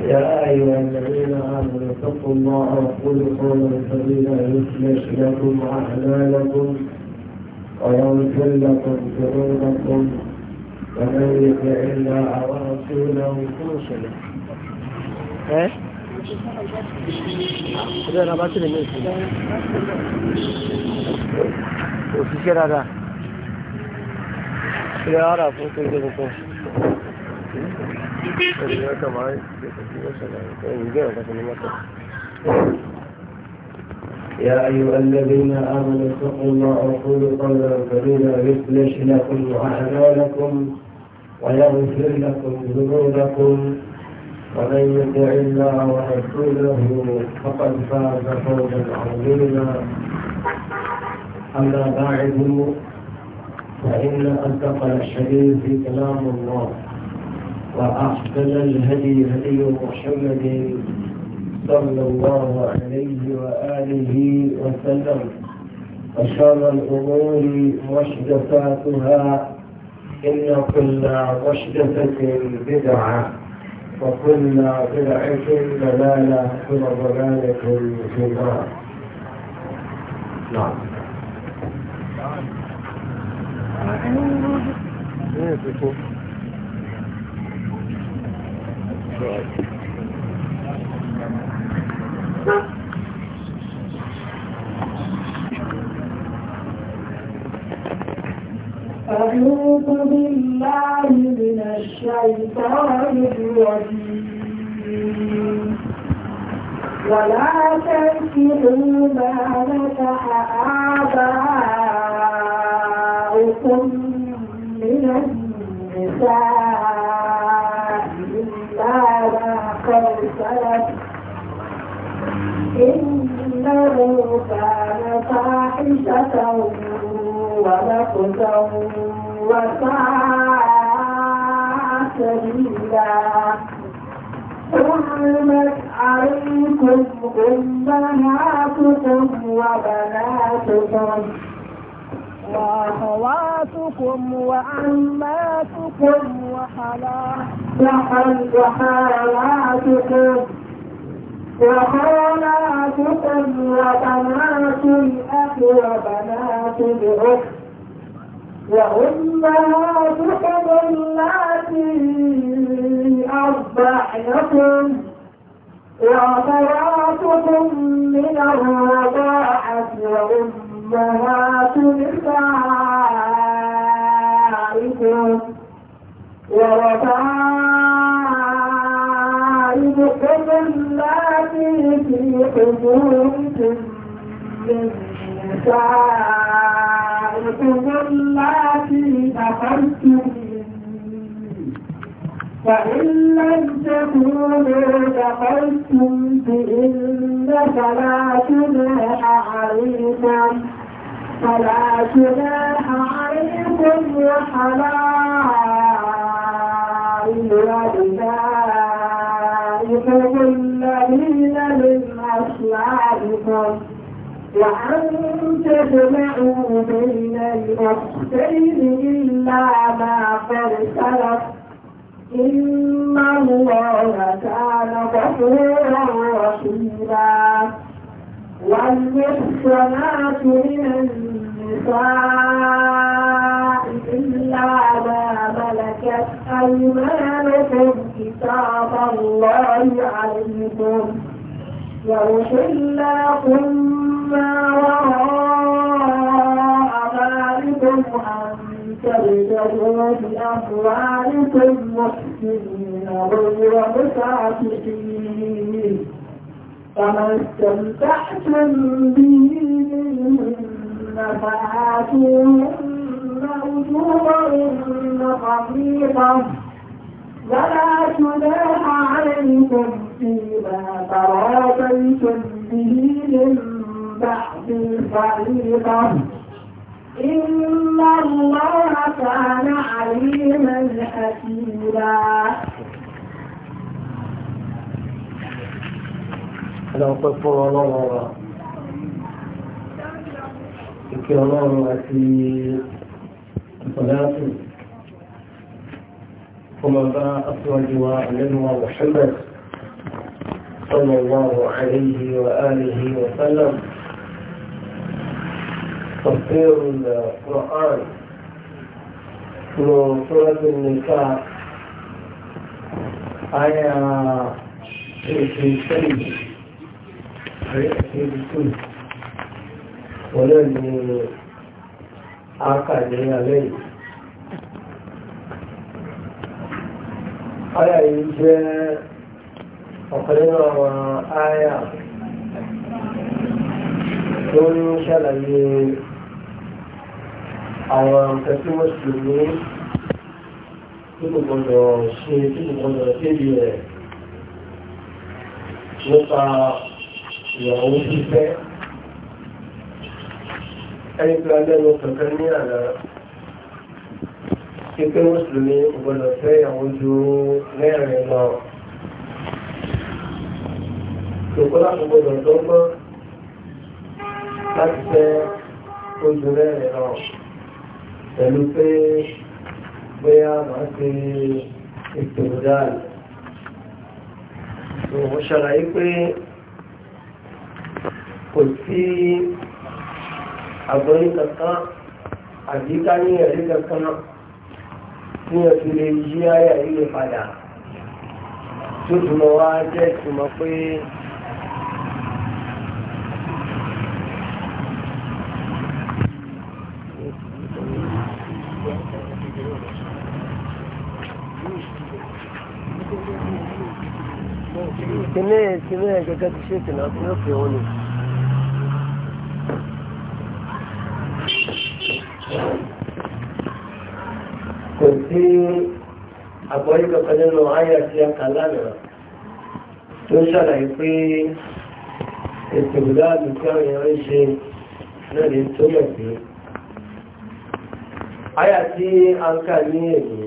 يا أيها الذين آمنوا اتقوا الله وقولوا قولا سديدا يصلح لكم أعمالكم ويغفر لكم ذنوبكم ومن يطع الله ورسوله فرسله. ايه؟ ده انا بعت لي وفي كده ده كده اعرف يا أيها الذين آمنوا اتقوا الله وقولوا قولا كريما يصلح لكم أعمالكم ويغفر لكم ذنوبكم ومن يطع الله ورسوله فقد فاز فوزا عظيما أما بعد فإن أصدق الحديث كلام الله وأحسن الهدي هدي محمد صلى الله عليه وآله وسلم وشر الأمور محدثاتها إن كل محدثة بدعة وكل بدعة ضلالة كل ضلالة في النار نعم الرجيم ولا تنكروا ما نكح آباؤكم من النساء إلا ما قد سلف إنه كان فاحشة ومقتا وساء سبيلا حرمت عليكم أمهاتكم وبناتكم وأخواتكم وأماتكم وحلاتكم وخالاتكم وبنات الأخ وبنات الأخت وأمهاتكم اللاتي أرضعنكم وأخواتكم من الرضاعة وأمهات نسائكم وربائبكم اللاتي في حجوركم من نسائكم واتقوا اللاتي دخلتم فإن لم تكونوا دخلتم فلا جناح عليكم فلا جناح عليكم وحلائل وإبائكم الذين من أصلابكم وأن تجمعوا بين الأختين إلا ما فرسلت إن الله كان غفورا رحيما والمحصنات من النساء إلا ما ملكت أيمانكم كتاب الله عليكم وأحل لكم ما وراء ذلكم أن تبتغوا بأموالكم محسنين غير مسافحين فما استمتعتم به منهن فآتوهن أجورهن قميصه ولا جناح عليكم فيما تراضيتم به من بعد فريضة إن الله كان عليما حكيما Ẹ̀dá ọ̀pẹ́ fún ọlọ́run ọ̀rọ̀. Ìkẹ́ ọlọ́run àti ìpọ̀dáàtù. Ọmọ bá aṣíwájú wa lẹ́nu wa Mùsùlùmí. Sallallahu alayhi wa alihi wa sallam. تفسير القرآن من سورة النساء آية 26 آية 26 ولن أعقد عليه آية يجي أقرنا وآية tó ń ṣàlàyé àwọn nǹkan tí wọ́n sì ní tí kò ṣe tí kò gbọdọ̀ rẹ̀ nípa ìyàwó fífẹ́ ẹni tí a lẹ́nu kankan ní àná tí pé wọ́n sì ní kò fẹ́ ìyàwó ju mẹ́rin lọ ṣùgbọ́n láti gbọdọ̀ dọ́gbọ́n láti fẹ́ ojú mẹ́rin lọ pẹ̀lú pé bóyá máa ṣe ìtòdáàlì òun ṣàlàyé pé kò sí àgbọ́yé kankan àdíká ní ẹ̀rí kankan ní ẹ̀sùn lè yí ayà yìí padà tó túnmọ̀ wá jẹ́ ìtumọ̀ pé kíní ẹ̀ gẹ́gẹ́ bí ṣé kìnnà tí ó fi òun ni. kò sí àgbọ̀yé kankan nínú àyà tí a kà lánàá tó ń ṣàlàyé pé ètò ìdáàbò tí àwọn èèyàn ń ṣe náà lè tó mọ̀ sí. àyà tí a ń kà ní èdè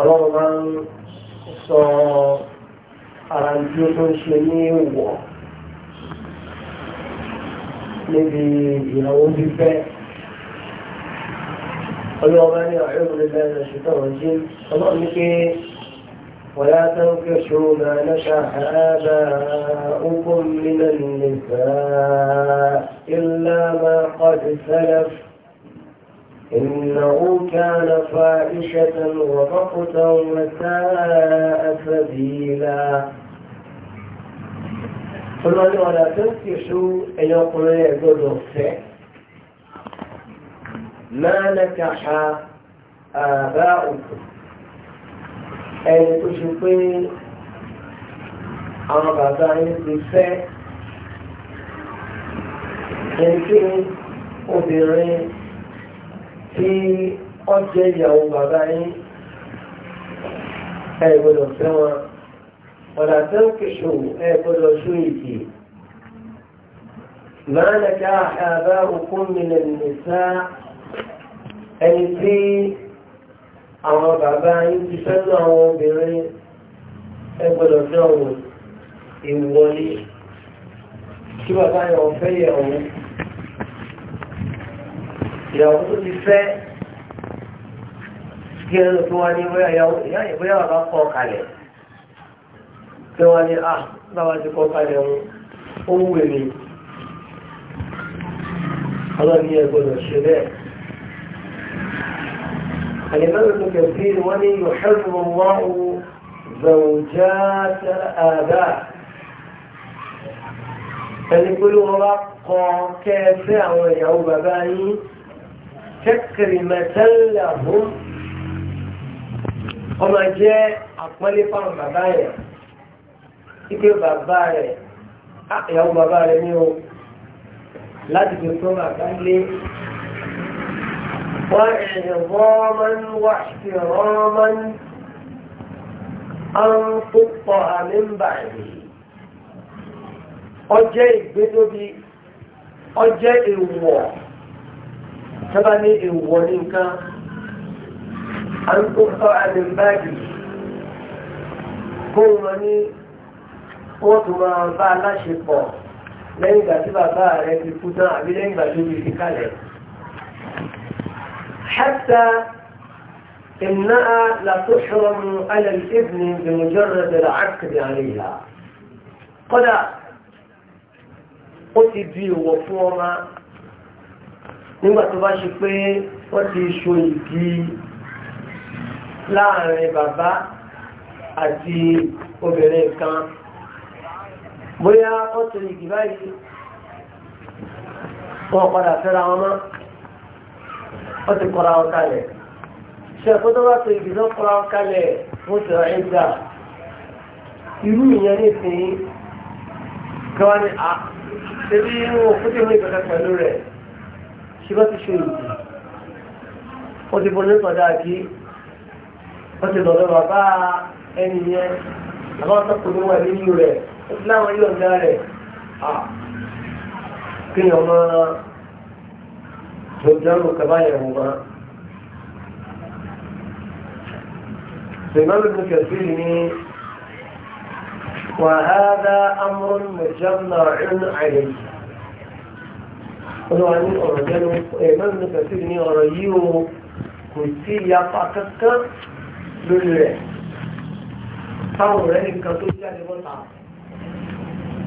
ọlọ́run máa ń sọ ara tí ó tó ń ṣe ní wọ̀ níbi ìyàwó fífẹ́ ọlọ́ọ̀bá ní ọ̀rẹ́ òmìnira ẹ̀rọ ṣùgbọ́n wọ́n jí ọlọ́ọ̀ ní pé ولا تنكشوا ما نشأ آباؤكم من النساء إلا ما قد سلف إنه كان فائشة ومقتا وساء سبيلا ọlọ́ni ọ̀dà tó ń kìṣú ẹ̀yọ ọkùnrin ẹ̀ gbọ́dọ̀ fẹ́ máa nẹ́ka ha àbá Elle est toujours ṣe pé àwọn bàbá yín ti fẹ́ ẹni tí obìnrin tí ọjọ́ ìyàwó bàbá yín ẹ̀ gbọ́dọ̀ fẹ́ wọn. ولا تنكشوا اكل شويتي ما نكاح آباؤكم من النساء ẹni tí àwọn bàbá yín ti fẹ́lú àwọn obìnrin ẹgbẹ̀rẹ̀ ọ̀dọ́rùn ìwọlé kí bàbá yẹn ọ̀fẹ́ yẹ ọ̀hún ìyàwó tó ti fẹ́ kí ẹnu tó wá ní ìwé ìyá ìwé bàbá kọ kalẹ̀ tí wọ́n ní à ah, láwá ti kọ́ kalẹ̀ wọn ó wù èmi ọlọ́ni ẹgbọ́dọ̀ ṣe bẹ́ẹ̀ àyẹ̀mẹ́rin tó kẹ̀sí wọ́n ní yọ̀hẹ́rùn wọ́n زوجات الآباء فنقول رقا كافع ويعوب باني تكرمة لهم وما جاء أقبل فرم باني ike bàbá rẹ̀ ìyàwó bàbá rẹ̀ ní o láti fi fún bàbá lé wọ́n ìrọ̀mọ́n wà sí rọ́mọ́n an púpọ̀ àmìmbà rẹ̀ ọjẹ́ ìgbétóbi ọjẹ́ èèwọ̀ tọ́bá ní èèwọ̀ ní nǹkan an púpọ̀ àmìmbà rẹ̀ kó wọn ní wọ́n tún máa bá aláṣepọ̀ lẹ́yìn ìgbà tí bàbá rẹ̀ ti kú tán àbí lẹ́yìn ìgbà tó fi kalẹ̀. حتى إنها لا تحرم على الإبن بمجرد العقد عليها kódà ó ti di òwò fún ọmọ nígbà tó bá ṣe pé wọ́n ti so ìdí láàrin bàbá àti obìnrin kan bóyá wọ́n ti rìn jìbá yìí wọ́n padà fẹ́ra wọn mọ́ wọ́n ti kọ́ra wọn kalẹ̀ ṣe àkótó bá ti rìn jìbá kọ́ra wọn kalẹ̀ wọ́n ti rà ẹ̀ gbà irú ìyẹn ní ìsìn kí wọ́n ní a ṣe bí wọn kó tí wọ́n ìgbàgbọ́ pẹ̀lú rẹ̀ ṣe bá ti ṣe ìdí wọ́n ti bọ́ ní sọ̀dá kí wọ́n ti lọ́dọ̀ bàbá ẹni yẹn àbá wọn tó kò ní wà nínú rẹ̀. láwọn yọ̀ǹda rẹ̀ kí ni ọmọ lọ́jọ́rù kàbáyẹ̀wò máa سمام ابن كثير وهذا أمر مجمع عليه ولو عن الأرجل إمام ابن كثير أرجيه كنتي يقع كتك لله فهو ذلك كتب يعني بطعه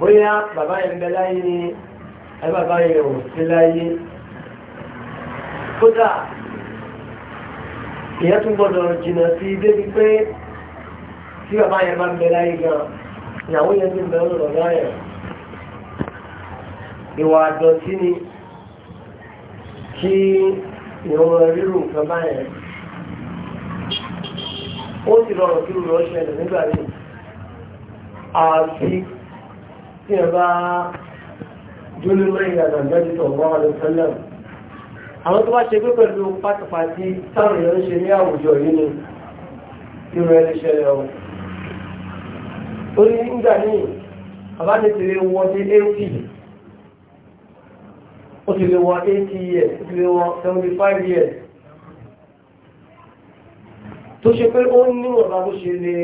bóyá bàbá yẹn bẹ láyé ni bàbá yẹn ò sí láyé kódà ìyẹn tún gbọdọ̀ jìnnà sí débi pé tí bàbá yẹn bá ń bẹ láyé gan ìyàwó yẹn ti ń bẹ lọ́dọ̀ láyé ìwà àdọ̀tí ni kí ìwọ̀n rírù nǹkan báyẹn ó sì rọrùn kí rúrọ̀ ṣẹlẹ̀ nígbà yìí àti tí ẹ bá dúró lórí ìlànà ìgbẹ́jì tó mọ́ ọdún sẹ́lẹ̀ àwọn tó bá ṣe pé pẹ̀lú pátápátí táwọn èèyàn ń ṣe ní àwùjọ yìí ni irun ẹni ṣẹlẹ̀ ọ̀hún torí nígbà míì bàbá mi ti lè ó ti lè wọ eighty years ó ti lè wọ seventy years tó ṣe pé ó níwọ̀n bá bó ṣe lè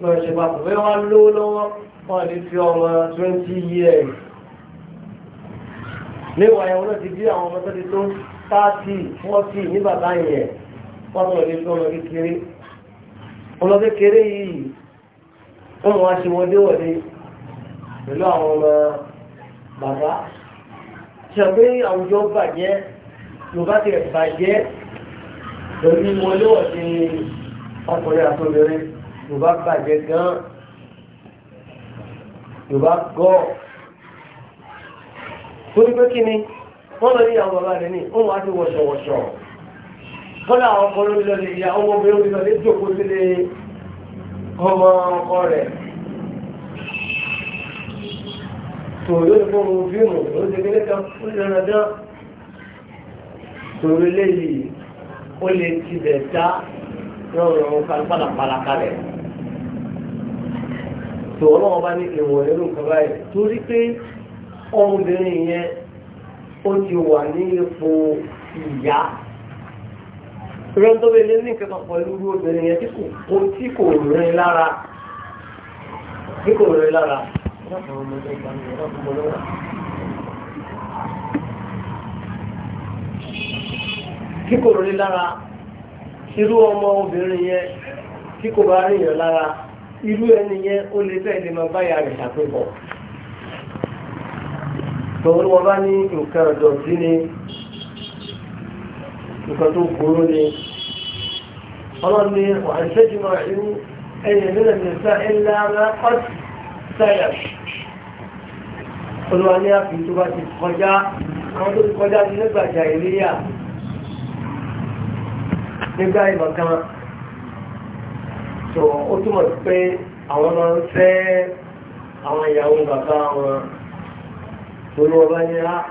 lọ́ọ́ ṣe bá kò fẹ́ lówó lọ́wọ́ wọ́n lè fi ọmọ twenty years níwọ̀n ẹ̀wọ̀n náà ti bí àwọn ọmọ tó tó thirty forty ní bàbá yẹn wọ́n tó lè fi ọmọ kékeré ọmọ kékeré yìí wọ́n mọ̀ wá ṣe wọléwọlé pẹ̀lú àwọn ọmọ bàbá ṣàgbé àwùjọ bàjẹ́ yorùbá ti bàjẹ́ pẹ̀lú wọléwọlé ọkùnrin àtọ́bẹ̀rẹ̀ yorùbá bàjẹ́ gan-an yorùbá gọ́ torí pé kí ni wọ́n lọ ní àwọn bàbá rẹ̀ ní òun wá sí wọ̀ṣọ̀wọ̀ṣọ̀ kọ́lá àwọn ọkọ̀ lórí lọ́lẹ̀ ìyá ọmọ obìnrin lórí lọ́lẹ̀ jókòó sílé ọmọ ọkọ rẹ̀ tó yóò fún un fíìmù ó ti kan ó ti rẹ̀ dán torí léyìí ó lè tibẹ̀ dá rọrùn kan pàlàpàlà kalẹ̀ tó ọlọ́wọ́ bá ní ìwọ̀n nínú nǹkan báyìí torí pé ọmọbìnrin yẹn ó ti wà ní ipò ìyá rẹ́ńtọ́bẹ̀ lé ní nǹkan kan pẹ̀lú irú obìnrin yẹn tí kò tí kò rìn lára tí kò rìn lára. Kíkò rí lára, irú ọmọ obìnrin yẹn, kíkò bá lára, irú ẹni yẹn ó lè fẹ́ lè máa báyà rẹ̀ ṣàpébọ̀ tòun wọn bá ní nǹkan ọ̀dọ̀tí ni nǹkan tó kúrú ni ọlọ́run ní àìsẹ́jú máa irú ẹ̀yìn nílẹ̀ nìta ńlá ńlá pàtì sáyà olúwa ní àfi tó bá ti kọjá àwọn tó ti kọjá ní nígbàjà ìléyà nígbà ìmọ̀ kan so ó túmọ̀ sí pé àwọn máa ń fẹ́ àwọn ìyàwó bàbá wọn torí ọba ní ah,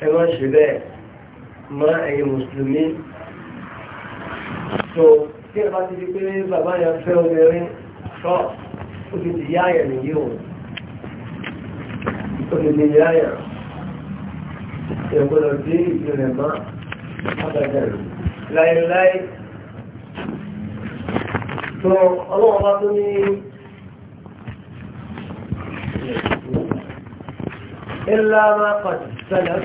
á ṣe bẹ́ẹ̀ mọ́ ẹ̀yin mùsùlùmí so tí ẹ bá ti di pé bàbá yẹn fẹ́ obìnrin sọ ó ti di yáyà nìyí o ó ti di yáyà ẹ gbọ́dọ̀ dé ìpínlẹ̀ mọ́ àbàdàn láéláé tó ọlọ́wọ́ bá tó ní ilá máa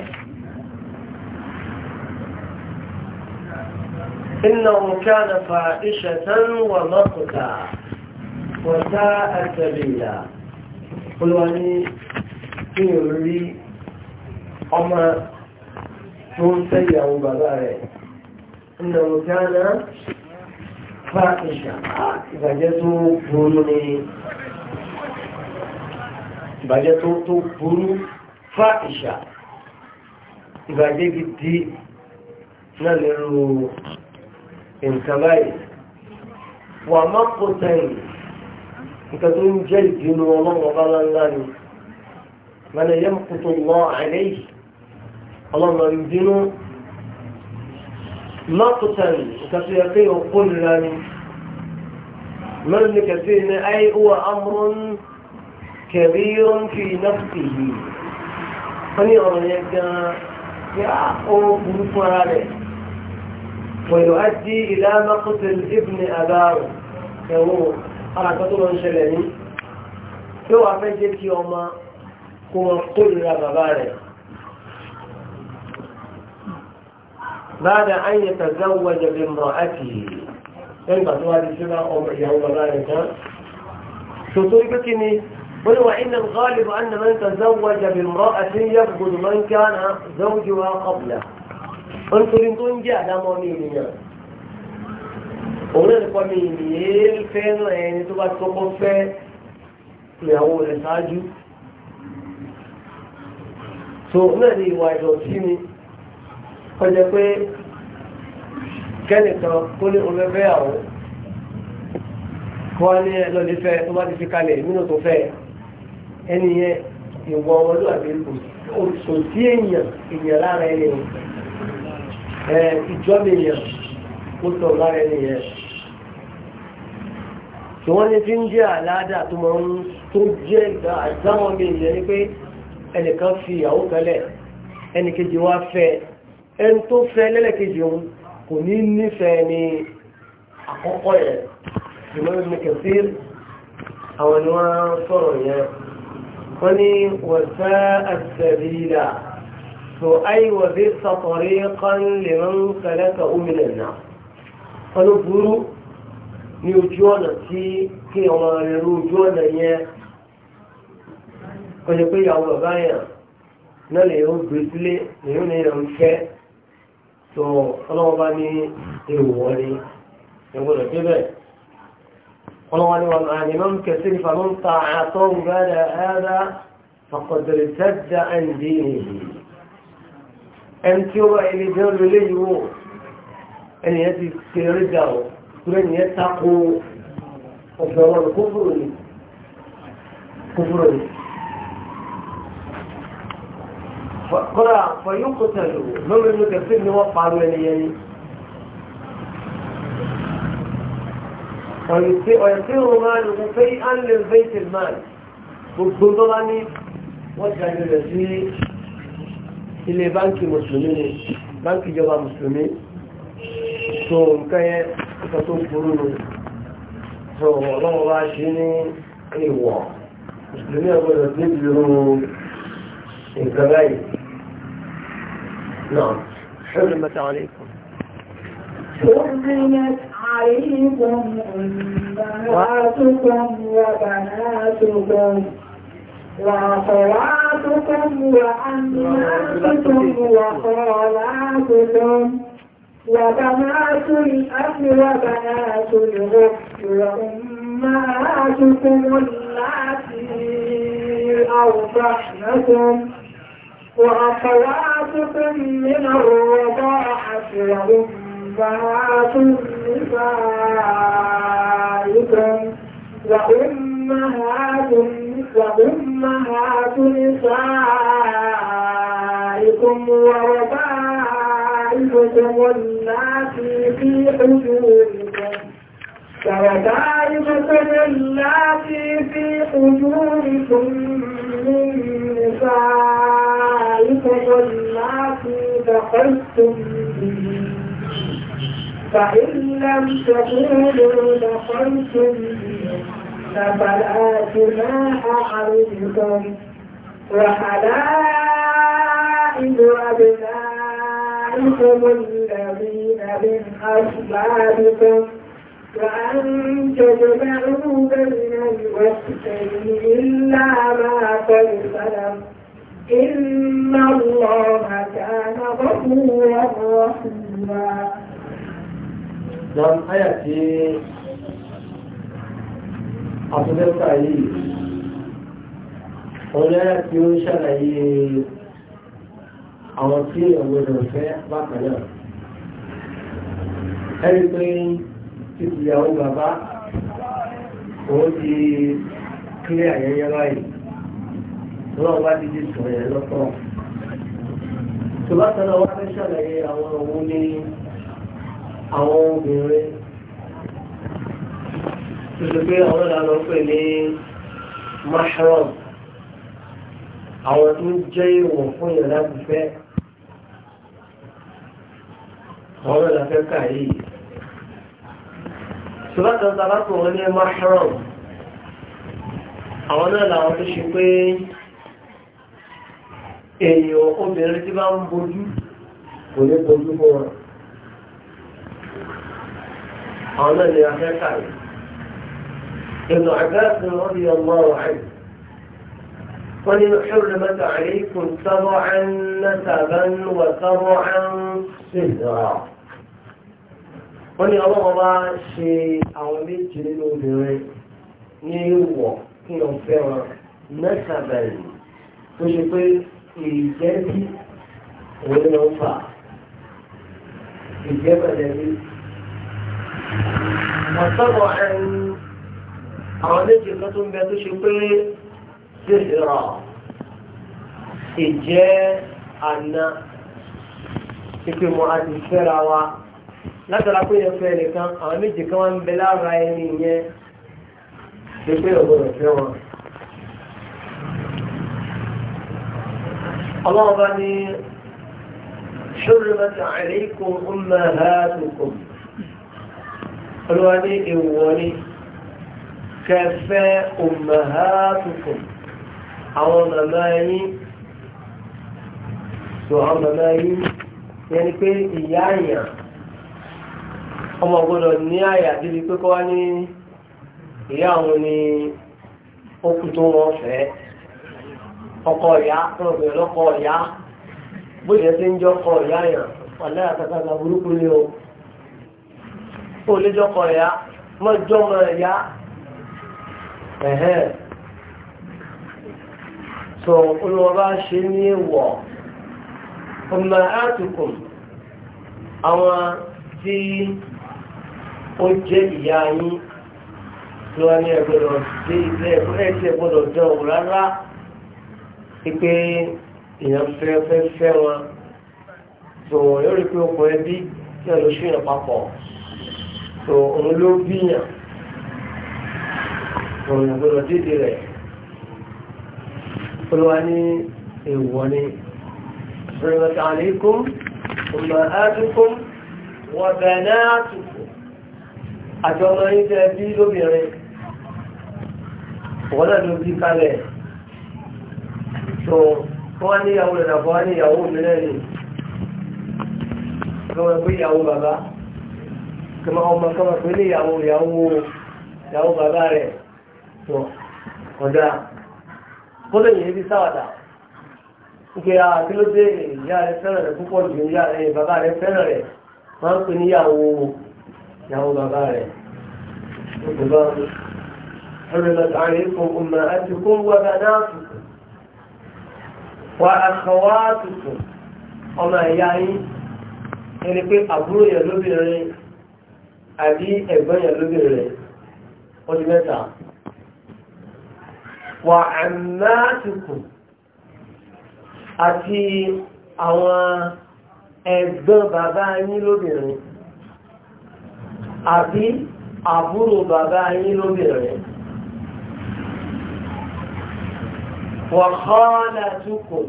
إنه كان فائشة ومقتى وساء سبيلا قل وني في ري أما تون سيئة وبغاري إنه كان fáàkìṣà ìbàjẹ́ tó burú ní ìbàjẹ́ tó tó burú fáàkìṣà ìbàjẹ́ gidi náà lérò nǹkan báyìí wà má kó tẹ̀yìn nǹkan tó ń jẹ́ ìdínú ọlọ́wọ́ bá ni mẹ́lẹ̀ yẹ́ mọ́kútó lọ́ àlẹ́ yìí ọlọ́wọ́ ìdínú مقتل كثيرتي وقلا من كثير أي هو أمر كبير في نفسه فني أرنيك يا أوف مفرد ويؤدي إلى مقتل ابن أباه يقول أركض من شلني لو أفجت يوما كما قل بابارك بعد أن يتزوج بامرأته إن بطوال سنة أمر يوم ذلك شطوي بكني ولو إن الغالب أن من تزوج بامرأة يفقد من كان زوجها قبله أنت لنتون جاء لما مينيا أولا لقوا ميني الفين لين تبات كوكو فين لأول الساجو سوء نهي واجو سيني kọjá pé kẹ́nìkan kó ní omi fẹ́ àwọn kó wá ní ẹlọ́ni fẹ́ tó bá ti fi kalẹ̀ nínú tó fẹ́ ẹni yẹn ìwọ ọmọlúwàbí kò sí èèyàn èèyàn lára ẹni ìjọba èèyàn ó sọ lára ẹni yẹn tí wọ́n ní fi ń jẹ́ àláàdà tó máa ń tó jẹ́ ìgbà àtàwọn ọmọ èèyàn ni pé ẹnìkan fi ìyàwó kalẹ̀ ẹnìkejì wá fẹ́ ẹni tó fẹ́ lẹ́lẹ́kejì òun kò ní nífẹ̀ẹ́ ní àkọ́kọ́ yẹn ìmọ̀ ní kẹfí àwọn ni wọ́n sọ̀rọ̀ yẹn wọ́n ní wọ̀sẹ́ àtẹ̀lélà tó ayé wọ̀dé sọ̀kọ̀rí kan lè rán kẹlẹ́kẹ̀ òmìnira náà wọ́n ló burú ní ojú ọ̀nà tí kí ọmọ rẹ̀ rú ojú ọ̀nà yẹn kọjá pé ìyàwó bàbá yẹn náà lè yóò gbé sílé lè yóò ní ìrànṣẹ́ tó ọlọ́wọ́ bá ní èèwọ̀ ni ẹgbọ́dọ̀ débẹ̀ ọlọ́wọ́ ni wọn àní máa ń kẹsí ní fa ló ń ta àtọ́ ìgbàdà ẹ̀dá fàkọ̀dẹ̀rẹ̀ tẹ́jà ẹ̀ǹdí nìyí ẹni tí ó bá ilé jẹ́ lólé yìí wò ẹnìyẹn ti kéré jà ó kúrẹ́ nìyẹn tako ọ̀gbọ̀n kófòrò ni kófòrò ni kọ́lá fọyínkù tẹ̀lú lórí ló kẹfí ni wọ́n parú ẹni yẹn ni. ọ̀yẹ̀tí òun máa ń lò fẹ́ anlẹ̀ vẹ́tìl man gbogbo tó bá ní wọ́n ti àjọ rẹ̀ sí ilé báńkì mùsùlùmí ni báńkì ìjọba mùsùlùmí tó nǹkan yẹn nǹkan tó burú ni tó ọlọ́wọ́ bá ṣe ní ìwọ̀ mùsùlùmí ọgbọ́dọ̀ tó ti rú nǹkan báyìí. نعم حرمت عليكم حرمت عليكم أمهاتكم وبناتكم وأخواتكم وأماتكم وخالاتكم وبنات الأخ وبنات الأخت وأمهاتكم اللاتي أرضعنكم وأخواتكم من الرضاعة وأمهات نسائكم وأمهات وأمهات نسائكم وربائبكم واللاتي في حجوركم وربائبكم اللاتي في حجوركم من نسائكم فجناتي دخلتم به فإن لم تكونوا دخلتم به فلا جناح عليكم وحلائل أبنائكم الذين من أصلابكم وأن تجمعوا بين الوقتين إلا ما قد سلم إن dan aya tí àtúndẹ́ta yìí ọ̀rẹ́ aya tí ó ń ṣàlàyé àwọn tí ọ̀gbọ̀dọ̀ fẹ́ bákanáà ẹni pé títí ìyàwó bàbá òun ti lọ́wọ́ bá dídí sọ̀rọ̀ yẹn lọ́tọ̀. tòbátà náà wá fẹ́ ṣàlàyé àwọn òun ní àwọn obìnrin tuntun pé àwọn ìlànà pè ní mahram àwọn tó ń jẹ́ ìwọ̀n fún yàrá gbígbẹ́ àwọn ìlànà fẹ́ kà yìí. tòbátà náà wọn ní mahram àwọn náà làwọn tó ṣe pé èèyàn obìnrin tí bá ń bojú kò ní bojú fún wọn àwọn náà ni afẹ́kà yìí ìlú àgbàsí wọn ọmọ ọ̀rọ̀ wọ́n ní حرمت عليكم سبعا نسبا وسبعا صدرا wọ́n ní ọlọ́wọ́ bá ṣe àwọn méjì nínú obìnrin ní ìwọ̀ kí wọ́n fẹ́ wọn nẹ́sàbẹ̀rẹ̀ tó ṣe pé ìjẹ́bí òun ló ń fà ìjẹ́bẹ̀lẹ́bí. Ọ̀sọ́bọ̀ ẹ̀rù àwọn méjì kan tó ń bẹ tó ṣe pé sísìrọ̀ ìjẹ́ àná ìpè mọ́ àti ìfẹ́ra wa látara pé yẹn fẹ́ nìkan àwọn méjì kan wá ń bẹ lára ẹni yẹn ṣe pé ọ̀gbọ́dọ̀ fẹ́ wọn. ọlọ́run ni ní ṣúrùmọ́ tí àìríkùn ọmọ àádùkùn olúwa ní ìwọ̀ kẹfẹ́ ọmọ àádùkùn àwọn màmá yín tó àwọn màmá yín yẹn pé ìyá àyàn ọmọ gbọ́dọ̀ ní àyà débi pé kọ́ ni ó kú tó wọ́n fẹ́ẹ́. ọkọ ìyá tọ́rọ bẹ̀rẹ̀ lọ́kọ ìyá bó yẹ ti ń jọ ọkọ ìyá yàn wàlẹ́ àtàkàtà burúkú ni o ó lé jọkọ ìyá mọ́ jọmọ ìyá ẹ̀hẹ́n so olùwọ́bá ṣe ní wọ̀ ọmọ àtùkùn àwọn tí ó jẹ́ ìyá yín tí wọ́n ní ẹgbẹ̀rún dé ilé ẹgbẹ̀rún ẹgbẹ̀rún dán òun rárá pé èèyàn fẹ́ fẹ́ fẹ́ wọn tó wọn yóò rí pé okùn ẹbí tí wọn lọ ṣèyàn papọ̀ tó òun ló bíyàn òun gbọdọ̀ dídì rẹ̀ olúwa ní èèwọ̀ ni rẹ̀mọ̀tà àlékún ọmọ àdúkún wọ́n bẹ̀ náà tùkù àjọ ọmọ yìí tẹ́ bí lóbìnrin wọ́n náà ló bí kalẹ̀ tó wọ́n níyàwó rẹ̀ dàbọ̀ wọ́n níyàwó mìíràn ni kọ́mọ pé ìyàwó bàbá kọ́mọ ọmọ kọ́mọ pé níyàwó ìyàwó bàbá rẹ̀ tó ọ̀dà kọ́lé yìí bí sáwàdà nke a kí ló dé ìyá rẹ̀ fẹ́ràn rẹ̀ púpọ̀ ju ìyá rẹ̀ bàbá rẹ̀ fẹ́ràn rẹ̀ máa ń pè níyàwó ìyàwó bàbá rẹ̀ ọ̀dọ̀ bá ọ̀rẹ́ lọ́tàrí fún ọmọ wà àkọwà tuntun ọmọ ẹ̀yà yín ẹni pé àbúrò yẹn lóbìnrin àbí ẹ̀gbọ́n yẹn lóbìnrin ó di mẹ́ta wà àmà àti àwọn ẹ̀gbọ́n bàbá yín lóbìnrin àbí àbúrò bàbá yín lóbìnrin. وخالتكم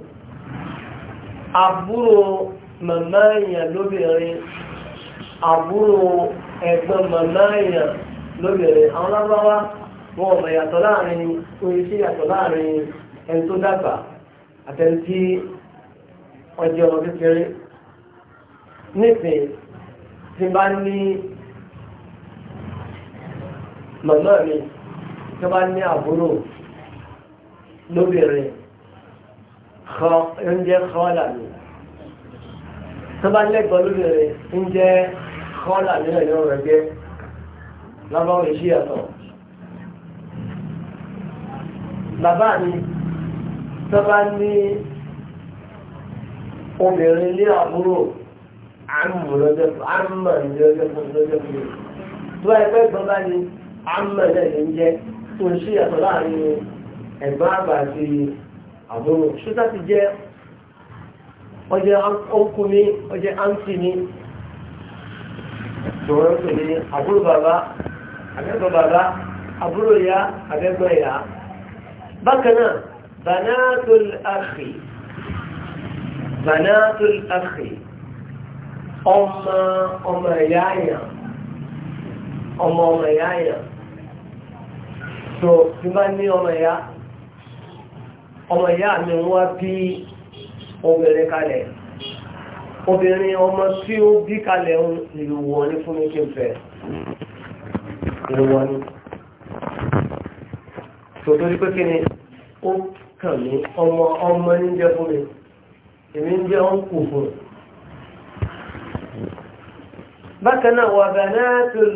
àbúrò màmá èèyàn lóbìnrin àbúrò ẹ̀gbọ́n màmá èèyàn lóbìnrin àwọn lábáwá wọn ọ̀mọ̀ yàtọ̀ láàrin oyin sí yàtọ̀ láàrin ẹni tó dàgbà àtẹni tí ọjọ́ ọmọ kékeré nísìn tí bá ní màmá mi tí bá ní àbúrò lóbìnrin ń jẹ́ kọ́ọ̀là mi tó bá lóbìnrin ń jẹ́ mi náà yóò rẹ̀ jẹ́ lábáwọ̀ èsì ẹ̀tọ́ bàbá mi tó ní obìnrin ní àbúrò àmọ̀ lọ́jọ́ àmọ̀ lọ́jọ́ lọ́jọ́ tó ẹgbẹ́ gbọ́n ní àmọ̀ lẹ́yìn jẹ́ tó ń ṣí ẹ̀tọ́ ẹ̀gbọ́n àgbà àti àbúrò ṣúgà ti jẹ́ ọjẹ́ ọkùn mi ọjẹ́ àǹtí mi tòun pè ní àbúrò bàbá àbẹ́gbọ́n bàbá àbúrò ìyá àbẹ́gbọ́n ìyá bákan náà banatul akhi banatul akhi ọmọ ọmọ ìyá yẹn ọmọ ọmọ ìyá yẹn tí bá ní ọmọ ìyá ọmọ ìyá mi wọ́n bí obìnrin kalẹ̀ obìnrin ọmọ tí ó bí kalẹ̀ ń ìrùwọ̀ ní fún mi kí n fẹ́ ìrùwọ̀ ni tòtòrí pé kí ni ó kàn mí ọmọ ọmọ ní jẹ́ fún mi èmi ń jẹ́ ọ̀nkù fún un bákan náà wà banatul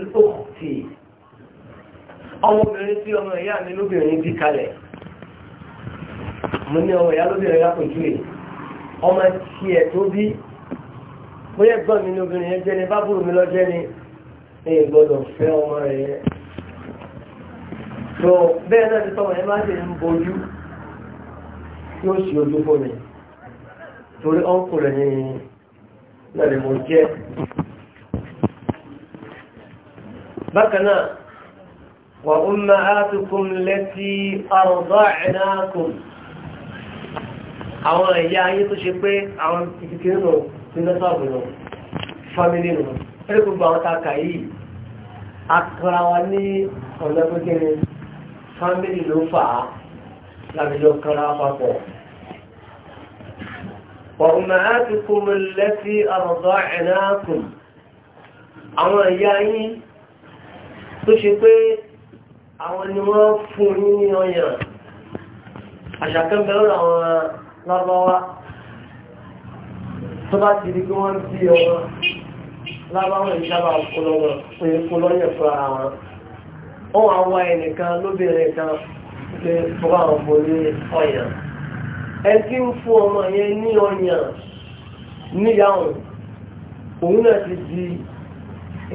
ọmọbìnrin tí ọmọ ìyá mi lóbìnrin bí kalẹ̀ mo ní ọmọ ìyá lóbìnrin lápòjú rẹ̀ ọmọ tí ẹ̀ tó bí bóyá ẹ̀gbọ́n mi ní obìnrin yẹn jẹ́ ni bábùrù mi lọ́jẹ́ ni ẹ̀ gbọ́dọ̀ fẹ́ ọmọ rẹ̀ yẹn tó bẹ́ẹ̀ náà ni tọ́mọ yẹn bá ṣe ń bojú tí ó ṣe ojú fún mi torí ọkùnrin rẹ̀ ni náà ni mo jẹ́ bákan náà wà ó máa á tukùn lẹ́tí àrùn bá ẹ̀ náà kùn àwọn ẹ̀yà ayé tó ṣe pé àwọn kékeré nù mínísọ̀bù nù fámílì nù pẹ̀lú gbogbo àwọn takà yìí akara wa ní ọ̀nà gbẹ́gẹ́rẹ́ fámílì ló fà á lábẹ́jọ́ kára papọ̀. وأمهاتكم التي أرضعناكم àwọn ẹ̀yà yìí tó ṣe pé àwọn ni wọ́n fún ní ọyàn àṣàkẹ́bẹ̀rún àwọn lọ́lọ́wá tó bá ti di kí wọ́n bí ọmọ lábáwọn ìjábà polówó pé polóyè fún ara wọn ó wà wá ẹnìkan lóbìnrin kan pé fọwọ́ àwọn borí ọyàn ẹ kí ń fún ọmọ yẹn ní ọyàn níyàwó òun náà ti di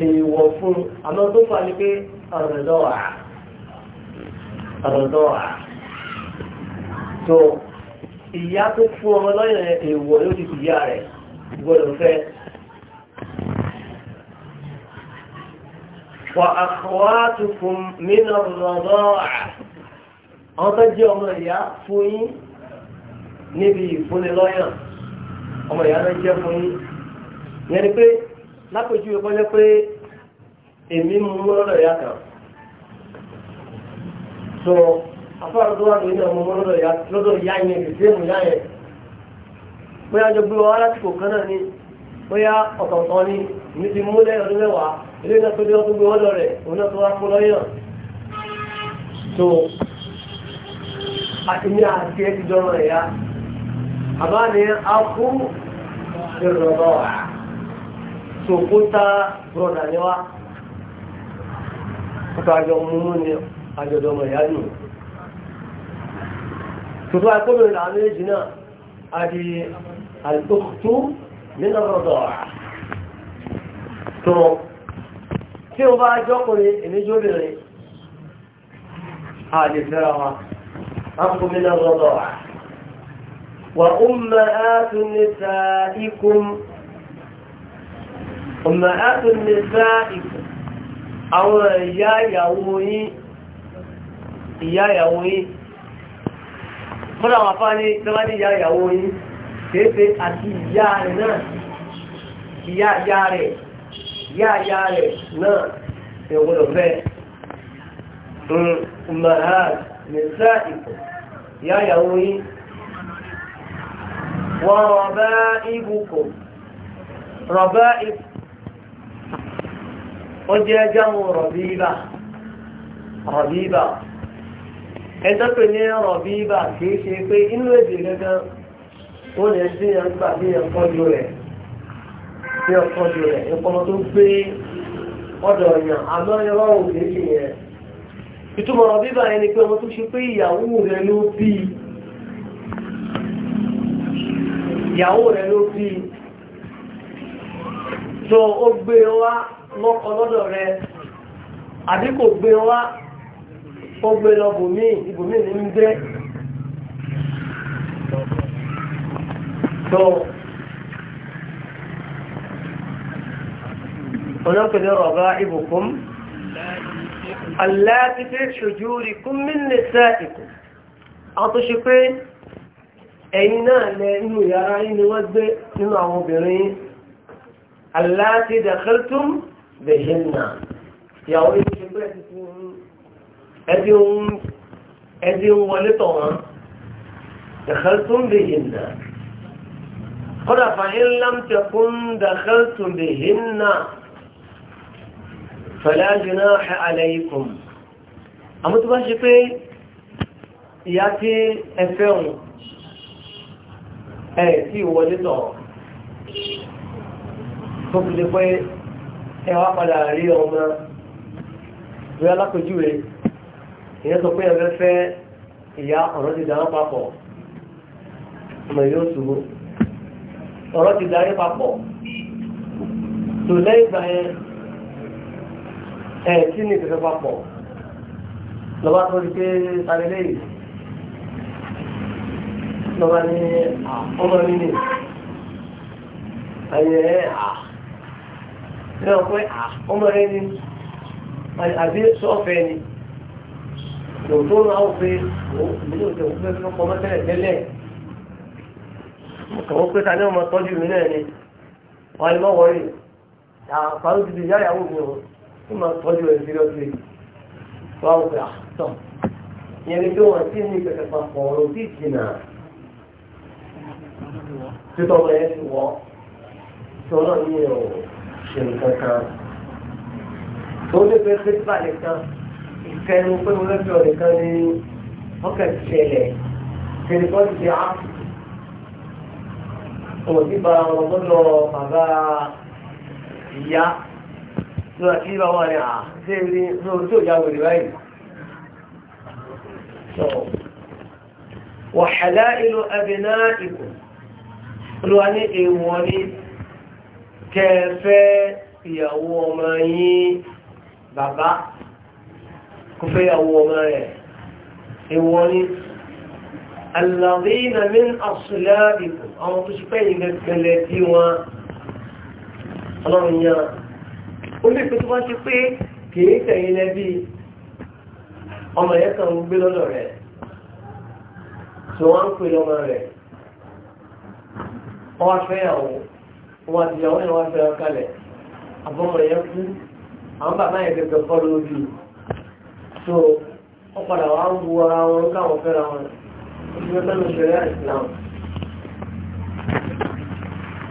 èèwọ̀ fún àmọ́ tó fà ní pé ọ̀rọ̀dọ́wà ọ̀rọ̀dọ́wà tó ìyá tó fún ọmọ lọ́yàn èèwọ̀ ló ti fìyà rẹ̀ gbọ́dọ̀ fẹ́ wà àkọwàtùkùn mìíràn rọ̀rọ̀ àwọn tó jẹ́ ọmọ ìyá fún yín níbi ìfúnni lọ́yàn ọmọ ìyá ló jẹ́ fún yín yẹn pé lápòjú ìkọ́jẹ́ pé èmi mú lọ́rọ̀ ìyá kan so afárá tó wà lórí náà mo ya? lọ́dọ̀ ìyá yẹn kìí sẹ́mu ìyá yẹn bóyá jọ gbé wa láti kò kan náà ni bóyá ọ̀tọ̀ọ̀tọ̀ ni èmi ti mú lẹ́yìn ọdún mẹ́wàá ilé náà tó dé ọdún gbé wọ́n lọ rẹ̀ òun náà tó wá kó lọ́yàn tó àtìmí àti ẹ ti dọ́rọ̀ ẹ̀yà àbá ni a kú ìrọ̀lọ́ tó kó tá bọ̀dà ni wá ọ̀tọ̀ àjọ mú ní àjọ̀dọ̀mọ̀ ìyá nù tuntun akọ́bẹ̀ rẹ̀ àwọn méjì náà a di alùpùpù nínú ọ̀rọ̀dọ̀ tó tí ó bá jọ́kùnrin èméjòbìnrin a lè fẹ́ra wa a nínú ọ̀rọ̀dọ̀ wà ọmọ ẹ́tù nìta ikùn ọmọ ẹ́tù nìta ikùn àwọn ìyá ìyàwó yìí kọ́lá wà fá ní tẹ́wádìí ìyá ìyàwó yín kéèké àti ìyá rẹ̀ náà ìyá ìyá rẹ̀ ìyá ìyá rẹ̀ náà ìwọ̀lọ̀ fẹ́ umahad nìsá ìkọ̀ ìyá ìyàwó yín wọ́n rọ̀bá ibùkọ̀ rọ̀bá rọ̀bíbà rọ̀bíbà. ẹ̀tọ́pẹ̀ ní ọ̀rọ̀ bí ibà kìí ṣe pé inú èdè gẹ́gẹ́ ó lè sí ẹgbà bí ẹ̀kọ́jú rẹ̀ bí ẹ̀kọ́jú rẹ̀ ìpọmọ tó gbé ọ̀dọ̀ ọ̀yàn àmọ́ ẹ̀rọ òkè ṣe yẹn ìtumọ̀ ọ̀rọ̀ pé tó ṣe pé ìyàwó rẹ̀ ló bí ìyàwó rẹ̀ ló bí tó gbé wá lọ́dọ̀ rẹ̀ gbé wá ó gbé lọ bòmíì ibòmíì ní ń gbé. tó ọlọ́pẹ̀lẹ̀ rọ̀gá ibùkún aláàtífẹ́ ṣojúrí kún mílẹ̀ sáàtìkù àwọn tó ṣe pé ẹ̀yìn náà lẹ inú yàrá inú wọ́n gbé nínú àwọn obìnrin aláàtí dàkẹ́ltún bẹ̀yẹ̀ náà yàwó inú ṣe pé ẹ̀ ẹdí ń ẹdí ń wọlé tọ̀ wọ́n dakhaltum bihinna kódà fàyín lámtẹ̀kùn dakhaltum bihinna fala junaha alaykum àmọ́ tó bá ṣe pé ìyá tí ẹ fẹ́ràn ẹ̀ tí ìwọlé tọ̀ tó fi lè pé ẹ padà rí ọmọ rí alákòjú rẹ̀ ìyẹn sọ pé ẹ̀fẹ́ fẹ́ ìyá ọ̀rọ̀ ti dáná papọ̀ ọmọ yóò ṣubú ọ̀rọ̀ ti darí papọ̀ tò lẹ́yìn ìgbà yẹn ẹ̀ tí ní ìfẹ́fẹ́ papọ̀ lọ́ba tó di pé sáré lẹ́yìn lọ́ba ní ọmọ mi nì ayẹ ẹ̀ à ẹ̀ pé ọmọ rẹ ni àbí sọ́ọ̀fẹ́ ni tòótọ́ náà ó fi ìdílé òtẹ̀ òkú fẹ́ fún ọmọ tẹ́lẹ̀ tẹ́lẹ̀ kàwọn pé ta ní ọmọ tọ́jú mi náà ni wọ́n lè má wọrí àfàrú ti di ìyá ìyàwó mi ò ní máa tọ́jú ẹ̀ sí lọ́sí wọ́n wọ́n gbà tọ̀ ìyẹn ni pé wọ́n ti ní kẹ̀kẹ́ papọ̀ ọ̀rọ̀ tí ìjìnà títọ́ ọmọ yẹn ti wọ́ tí ọlọ́run ní ò ṣe nǹkan kan tó ní pé pé bàlẹ̀ kan ìfẹ́nu pé mo lọ́jọ́ nìkan ni wọ́n kẹ̀ ṣẹlẹ̀ tẹlifọ́n ti á ọmọ tí bá wọn gbọ́dọ̀ bàbá ìyá tó àti ìbá wọn ni à ṣé rí lórí tó ìyá wèrè báyìí. wàhálà ìlú abiná ìkù olúwa ní èèwọ̀ ni kó fẹ́ yàwó ọmọ rẹ̀ èwọ̀ ni alàdínà min àṣùlá ìkù àwọn tó ṣípẹ́ yìí gẹ̀gẹ̀lẹ̀ bí wọn ọlọ́run yàn ó lè pé tó bá ṣe pé kìí tẹ̀yìn lẹ́bí ọmọ yẹn kan gbé lọ́dọ̀ rẹ̀ tí wọ́n ń pè lọ́mọ rẹ̀ wọ́n fẹ́ yàwó wọ́n àti ìyàwó yẹn wá fẹ́ yàwó àbọ̀mọ̀ yẹn kú àwọn bàbá yẹn gẹ̀gẹ̀ fọ́ lórí so wọ́n padà wá ń bu ara wọn káwọn fẹ́ra wọn oṣù mẹ́fẹ́ ló ṣẹlẹ̀ islam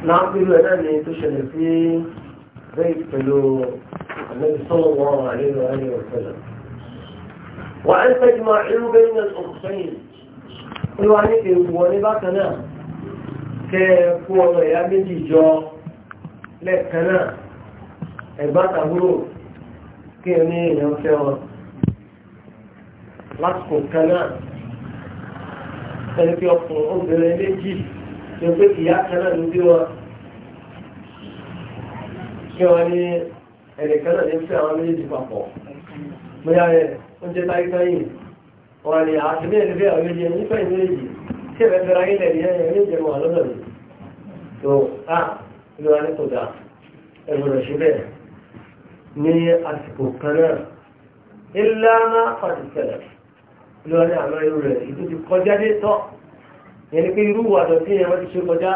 náà pẹ̀lú ẹ̀dá ni tó ṣẹlẹ̀ sí bẹ́ẹ̀ pẹ̀lú àmẹ́bí sọ́wọ́ wọn àlejò àlejò ọ̀fẹ́lẹ̀ wà á ń tẹ́jú máa irú bẹ́ẹ̀ ní ọ̀sẹ̀yìn olúwa ní èwù wọlé bákan náà kẹ́ ẹ kó ọmọ ìyá méjì jọ lẹ́ẹ̀kan náà ẹ̀gbá tàbúrò kí ẹ ní èèyàn fẹ́ wọn lásìkò kan náà ẹni pé ọkùnrin obìnrin méjì ló pé ìyá kan náà ló bí wọn kí wọn ní ẹnìkan náà ní fẹ́ àwọn méjèèjì papọ̀ bóyá ẹ oúnjẹ táyé táyé wọn ni àtúndé ẹni fẹ́ àwọn méjèèjì nípa ìlú èyí tí ẹ̀rẹ́ fẹ́ra ilẹ̀ ní ẹ̀yẹ ní ìjẹun àlọ́dọ̀ mi tó a ló wà ní kò dà ẹgbẹ̀rún ṣe ní àsìkò kan náà ilé àmà pàtìsẹ̀lẹ̀ lórí àwọn irú rẹ̀ ìlú ti kọjá dé tọ́ yẹn ni pé irú wàdọ̀ tí yẹn wọ́n ti ṣe kọjá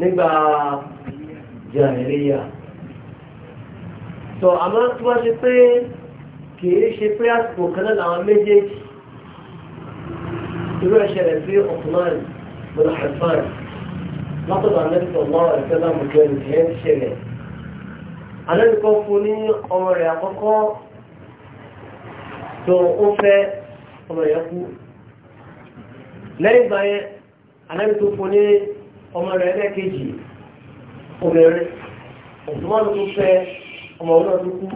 nígbà jàìríyà tọ́ àmọ́ tí wọ́n ṣe pé kìí ṣe pé àsìkò kan náà làwọn méjèèjì irú ẹ̀ṣẹ̀ rẹ̀ sí ọ̀túnmáì bọ̀dọ̀ àìfáì látọ̀dọ̀ àmẹ́tọ̀ lọ́wọ́ ẹ̀fẹ́ láàmú jẹ́ rẹ̀ àkọ́kọ́ tó ó fẹ́ ọmọ yẹn kú lẹ́yìn ìgbà yẹn anábì tó fún ní ọmọ rẹ̀ lẹ́ẹ̀kejì obìnrin òtúmọ̀ ló tó fẹ́ ọmọ òun náà tó kú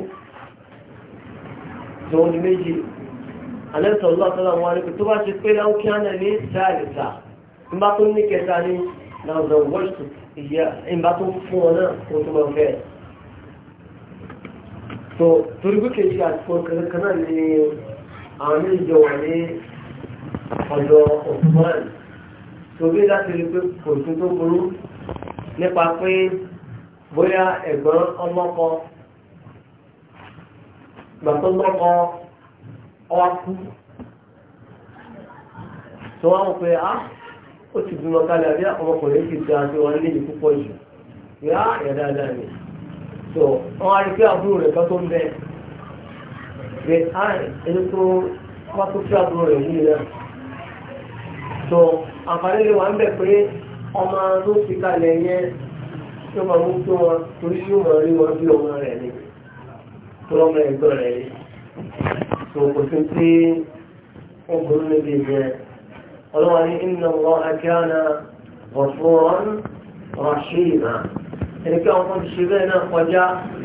tòun ní méjì anábì tó lọ́wọ́ sọ́lá wọn àríkù tó bá ti pé láwọn kí á nà ní sáàlìsà ń bá tó ní kẹta ní náà zọ wọ́ọ̀sì ìyá ń bá tó fún ọ náà kó tó máa fẹ́ so torí bí kejì àti fún kankan náà ní àwọn ní ìjọ wà ní ọ̀dọ̀ Osman torí láti rí pé kò sí tó burú nípa pé bóyá ẹ̀gbọ́n ọlọ́kọ gbàtọ́ lọ́kọ ọwá kú tó wá wọ́n pé á ó ti bímọ kalẹ̀ àbí ọmọkùnrin ti da sí wọn níbi púpọ̀ jù yá ẹ̀dáadáa ni tó wọ́n á rí pé àbúrò rẹ̀ kan tó ń bẹ́ẹ̀ bẹ á ẹni tó wá tó fẹ́ àbúrò rẹ̀ wúni náà tó àǹfààní lè wà ń bẹ̀ pé ọmọ ló fi kalẹ̀ yẹn tó máa mú tó wọn torí yóò máa rí wọn bí ọmọ rẹ̀ ni tó lọ́mọ ẹ̀gbọ́n ni tó kò sí pé wọ́n burú níbi ìyẹn ọlọ́wọ́ ní inna Allaha kana ghafuran rahima ẹni pé àwọn kan ti ṣe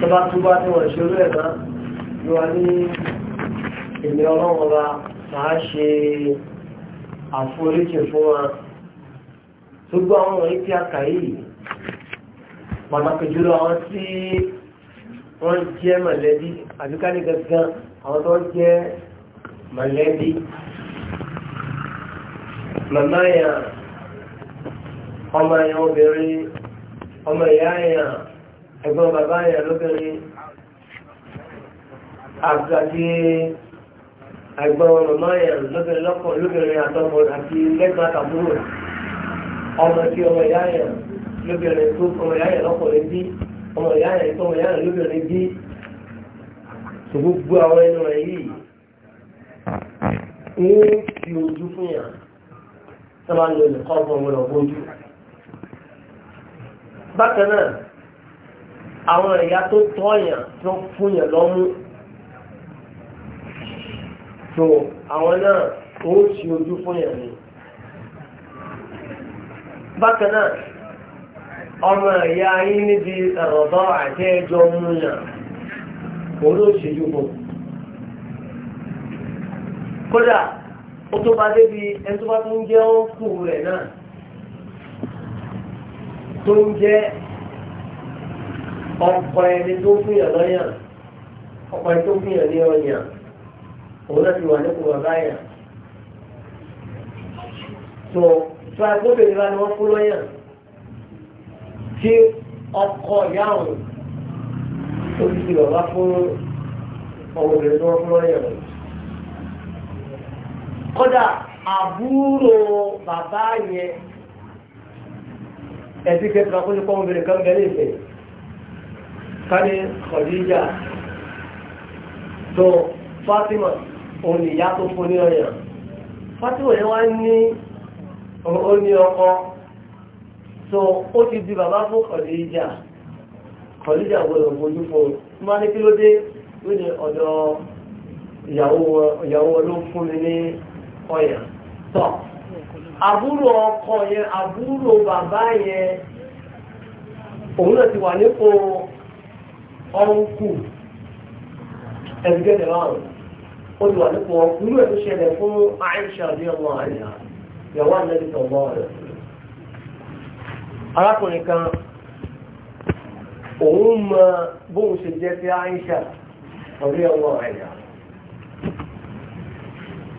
tọba tó bá ní wọ́n ṣerú ẹ̀ náà ló wà ní èmi ọlọ́run ọba máa ṣe àforíjì fún wa tó gbọ́ àwọn wọ̀nyí tí a kà yìí pàtàkì jùlọ àwọn tí wọ́n jẹ́ mọ̀lẹ́bí àbíkálẹ̀ gangan àwọn tó jẹ́ mọ̀lẹ́bí màmá yà ọmọ yà obìnrin ọmọ ìyá yà ẹ̀gbọ́n bàbá rẹ̀ lóbìnrin àgbàdì ẹ̀gbọ́n màmá rẹ̀ lóbìnrin lọ́pọ̀ lóbìnrin àtọmọ àti lẹ́gbọ́n àtàbúrò ọmọ tí ọmọ ìyá rẹ̀ lóbìnrin tó ọmọ ìyá rẹ̀ lọ́kùnrin bí ọmọ ìyá rẹ̀ tó ọmọ ìyá rẹ̀ lóbìnrin bí gbogbo àwọn ẹnu rẹ̀ yìí ń fi ojú fún yàn sábà ń lo nìkan ọmọ ọmọ ọmọ ojú bákan náà àwọn ẹ̀yà tó tọ́yàn tó fúnyàn lọ́mú tó àwọn náà ó ṣe ojú fúnyàn ni bákan náà ọmọ ẹ̀yà yín níbi ẹ̀rọ̀dọ́ àti ẹjọ́ múyàn òun ló ṣe yúbọ kódà ó tó bá débi ẹni tó bá tó ń jẹ́ ó kù rẹ̀ náà tó ń jẹ́ ọ̀pọ̀ ẹni tó fún yàn lọ́yàn ọ̀pọ̀ ẹni tó fún yàn ní ọ̀yàn òun náà ti wà ní kùbà báyà tó tó agbóbìnrin bá ni wọ́n fún lọ́yàn tí ọkọ ìyá òun tó fi ti bàbá fún ọmọbìnrin tó wọ́n fún lọ́yàn kódà àbúrò bàbá yẹn ẹbí kẹta kó ní pọ́nmọ́bìnrin kan gẹ́lẹ́ ìfẹ́ yìí kání Khadija tó Fatima òun ìyá tó fún ní ọyàn Fatima yẹn wá ní ó ọkọ tó ó ti di bàbá fún Khadija Khadija gbọdọ̀ fojú fún un máa ní kí ló dé ó ní ọ̀dọ̀ ìyàwó wọn ló fún mi ní ọyàn tó àbúrò ọkọ yẹn àbúrò bàbá yẹn òun náà ti wà nípò ọ̀nkù ẹ̀dùgẹ́dẹ̀ láàrùn olùwà nípò ọkùnrin rẹ̀ tó ṣẹlẹ̀ fún Aisha bí ọmọ àyà ìyàwó àlẹ́bí tọ̀gbọ́n rẹ̀ arákùnrin kan òun mọ bóun ṣe jẹ́ sí Aisha ọ̀rí àyà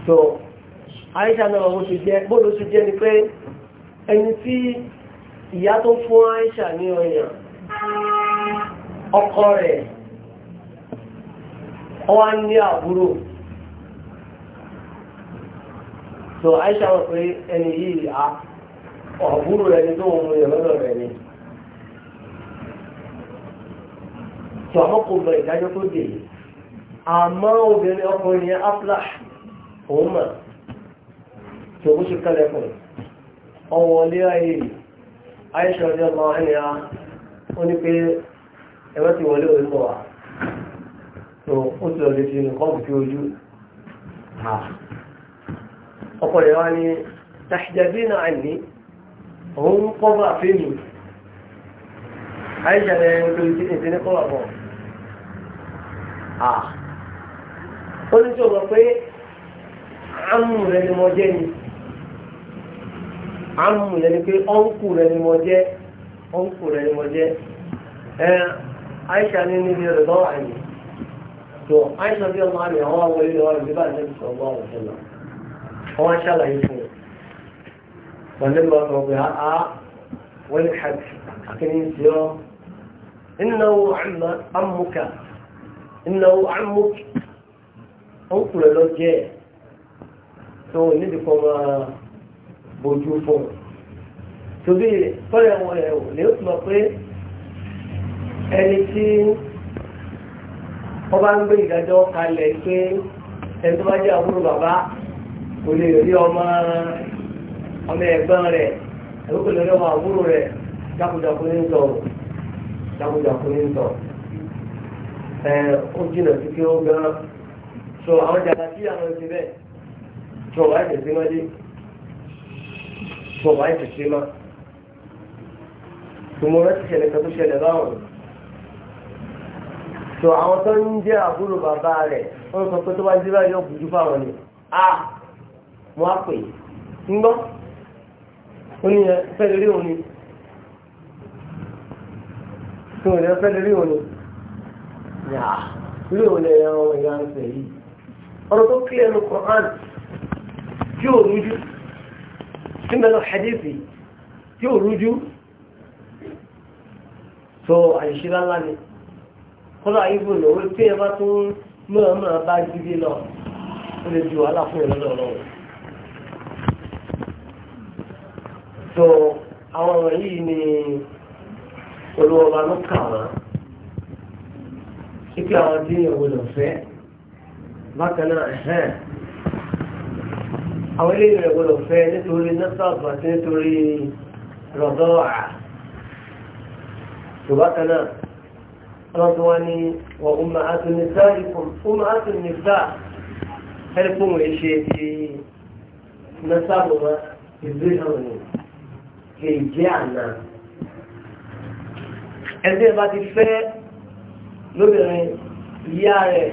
so Aisha náà wọ́n ṣe jẹ́ bóun ṣe jẹ́ ni pé ẹni tí ìyá tó fún Aisha ní ọkọ rẹ̀ ọwá ní àbúrò so Aisha wọn pé ẹni yìí a àbúrò rẹ̀ ní tó ń mú ìrọ̀lọ́ rẹ̀ ni so àwọn kò mọ ìdájọ́ tó dé àmọ́ obìnrin ọkùnrin yẹn aflax òun mọ̀ tó bó ṣe kálẹ̀kùn ọwọ́ ilé ayé Aisha ọjọ́ ọmọ ẹni a ó ní pé ẹ̀rọ ti wọlé orí mọ̀ wá tó ó ti lọ lè fi nǹkan bù kí ojú ọkọ rẹ̀ wá ní tàṣìjàbí náà àìní òun ń kọ́ bá fẹ́mi àìṣà rẹ̀ ń pè ní ìṣẹ́ ní kọ́wà bọ̀ ó ní tí o mọ̀ pé rẹ̀ ni mo jẹ́ ni rẹ̀ ni pé ọ̀nkù rẹ̀ ni mo jẹ́ ọ̀nkù rẹ̀ aisha ní níbi rẹ̀ lọ́wọ́ àyè tó aisha bí ọmọ àmì àwọn àwọn ilé wa rẹ̀ bá ní ìṣọ̀gbọ́ àwọn ìṣẹ̀lẹ̀ àwọn aṣàlàyé ah, fún wọn ní bá sọ pé a ah, wọ́n ní hajj akíní sí ọ́ innahu ammuka innahu ammuka ó ń kúrẹ̀ lọ jẹ́ tó níbi kan máa bójú fún un tó bí tọ́lẹ̀ lè ó tún lọ pé ẹni tí wọ́n bá ń gbé ìdájọ́ kalẹ̀ pé ẹni tó bá jẹ́ àbúrò bàbá kò lè rí ọmọ ọmọ ẹ̀gbọ́n rẹ̀ ẹ̀rọ kò lè rí ọmọ àbúrò rẹ̀ jákujàku ní sọ jákujàku ní sọ ẹ ó jìnà sí kí ó so àwọn jàdá tí àwọn ti bẹ́ẹ̀ tó wáyé tẹ̀sí mọ́ dé tó wáyé ti ṣẹlẹ̀ ṣẹlẹ̀ báwọn. so àwọn tó ń jẹ́ àbúrò bàbá rẹ̀ wọ́n sọ pé tó bá dé báyìí yóò fáwọn ni a mo á ń gbọ́ ó ní ẹ rí òun rí òun ni ọmọ ìyá ń sẹ̀ yìí ọ̀rọ̀ tó kílẹ̀ ní Qur'an tí ò rújú tí mẹ́lọ hadithi tí ò rújú so àìṣíra ńlá kọ́lá ibù lọ wí pé ẹ bá tó mọ̀ọ́mọ̀ bá gidi lọ ó lè ju wàhálà fún ìrọ̀lẹ́ ọlọ́run. tó àwọn ọ̀rọ̀ yìí ni olùwọ̀ba ló kà wọ́n kíkẹ́ àwọn tí èèyàn gbọdọ̀ fẹ́ bákan náà ẹ̀hẹ́n àwọn ilé ìrìn gbọdọ̀ fẹ́ nítorí nọ́sàbù àti nítorí rọ̀dọ́wà tó bákan náà ọlọ́dúnwání wọ ọmọ àtúnisá ikùn ọmọ àtúnisá ẹlẹ́kùn wọ́n ṣe ti nọ́sàbùmá ìbílẹ̀hùn lè jẹ́ àná. ẹgbẹ́ bá ti fẹ́ lóbìnrin ìyá rẹ̀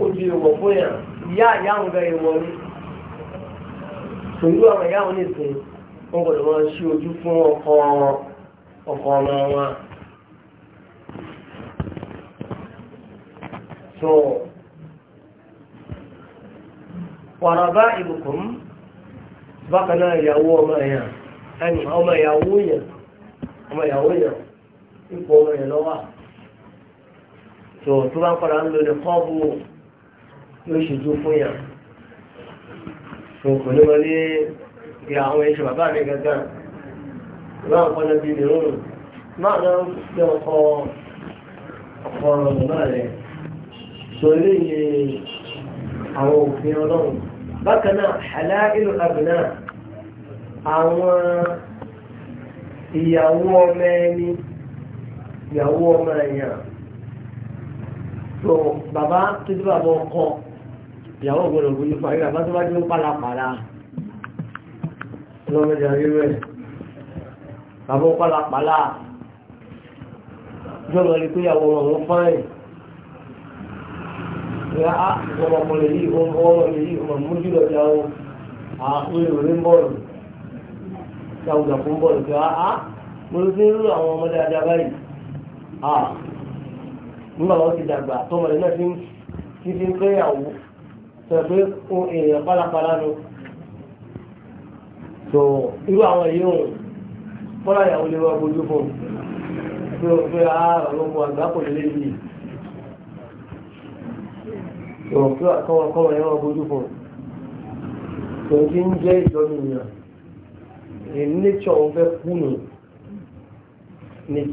ó di ìwọ̀ fún yàn ìyá ìyá òun bẹ ìwọ̀ ni àwọn ìyá nìsín wọn gbọdọ̀ wọn ṣí ojú fún ọkọ ọmọ wọn. so wàràbá ìbùkún bákan náà ìyàwó ọmọ èèyàn ẹni ọmọ ìyàwó yẹn ọmọ ìyàwó yẹn ipò ọmọ yẹn lọ́wọ́ so tó bá ń padà ń lo ní kọ́ọ̀bù yóò ṣojú fún yàn so kò ní wọlé ìyá àwọn ẹṣin bàbá mi gángan láwọn kan náà bí máa rẹ̀. sọ eléyìí àwọn òfin ọlọ́run bákan náà halailu abna àwọn ìyàwó ọmọ ẹni ìyàwó ọmọ ẹ̀yà tó bàbá tó dé bàbá ọkọ ìyàwó ògbọ́dọ̀ gbójú fún àríwá bá tó bá dé ó lọ́mọdé àríwá bàbá ó pálapàla ni pé ìyàwó ọmọ ọmọ fáìn ìyá ọmọ ọmọ ọmọ ọmọ ọmọ mújú lọ jà àwọn èrò bọ́ọ̀lù ṣàwùjà fún bọ́ọ̀lù pé á mo ló fi ń rú àwọn ọmọ dáadáa báyìí á nígbà wọn ti dàgbà tọmọdé náà fi ń fi fi ń pẹ́yàwó sọ pé èèyàn pálapàla nu tó irú àwọn yìí hùn bọ́lá ìyàwó lè wá bójú fún un pé fẹ́ á ọlọ́mọ àgbà kò lè yìí ìwọ̀n kí wọ́n kọ́ wọn ẹ̀wọ̀n bójú fún un tó ń ti ń jẹ́ ìjọ́nù yàn nature òun fẹ́ kú nù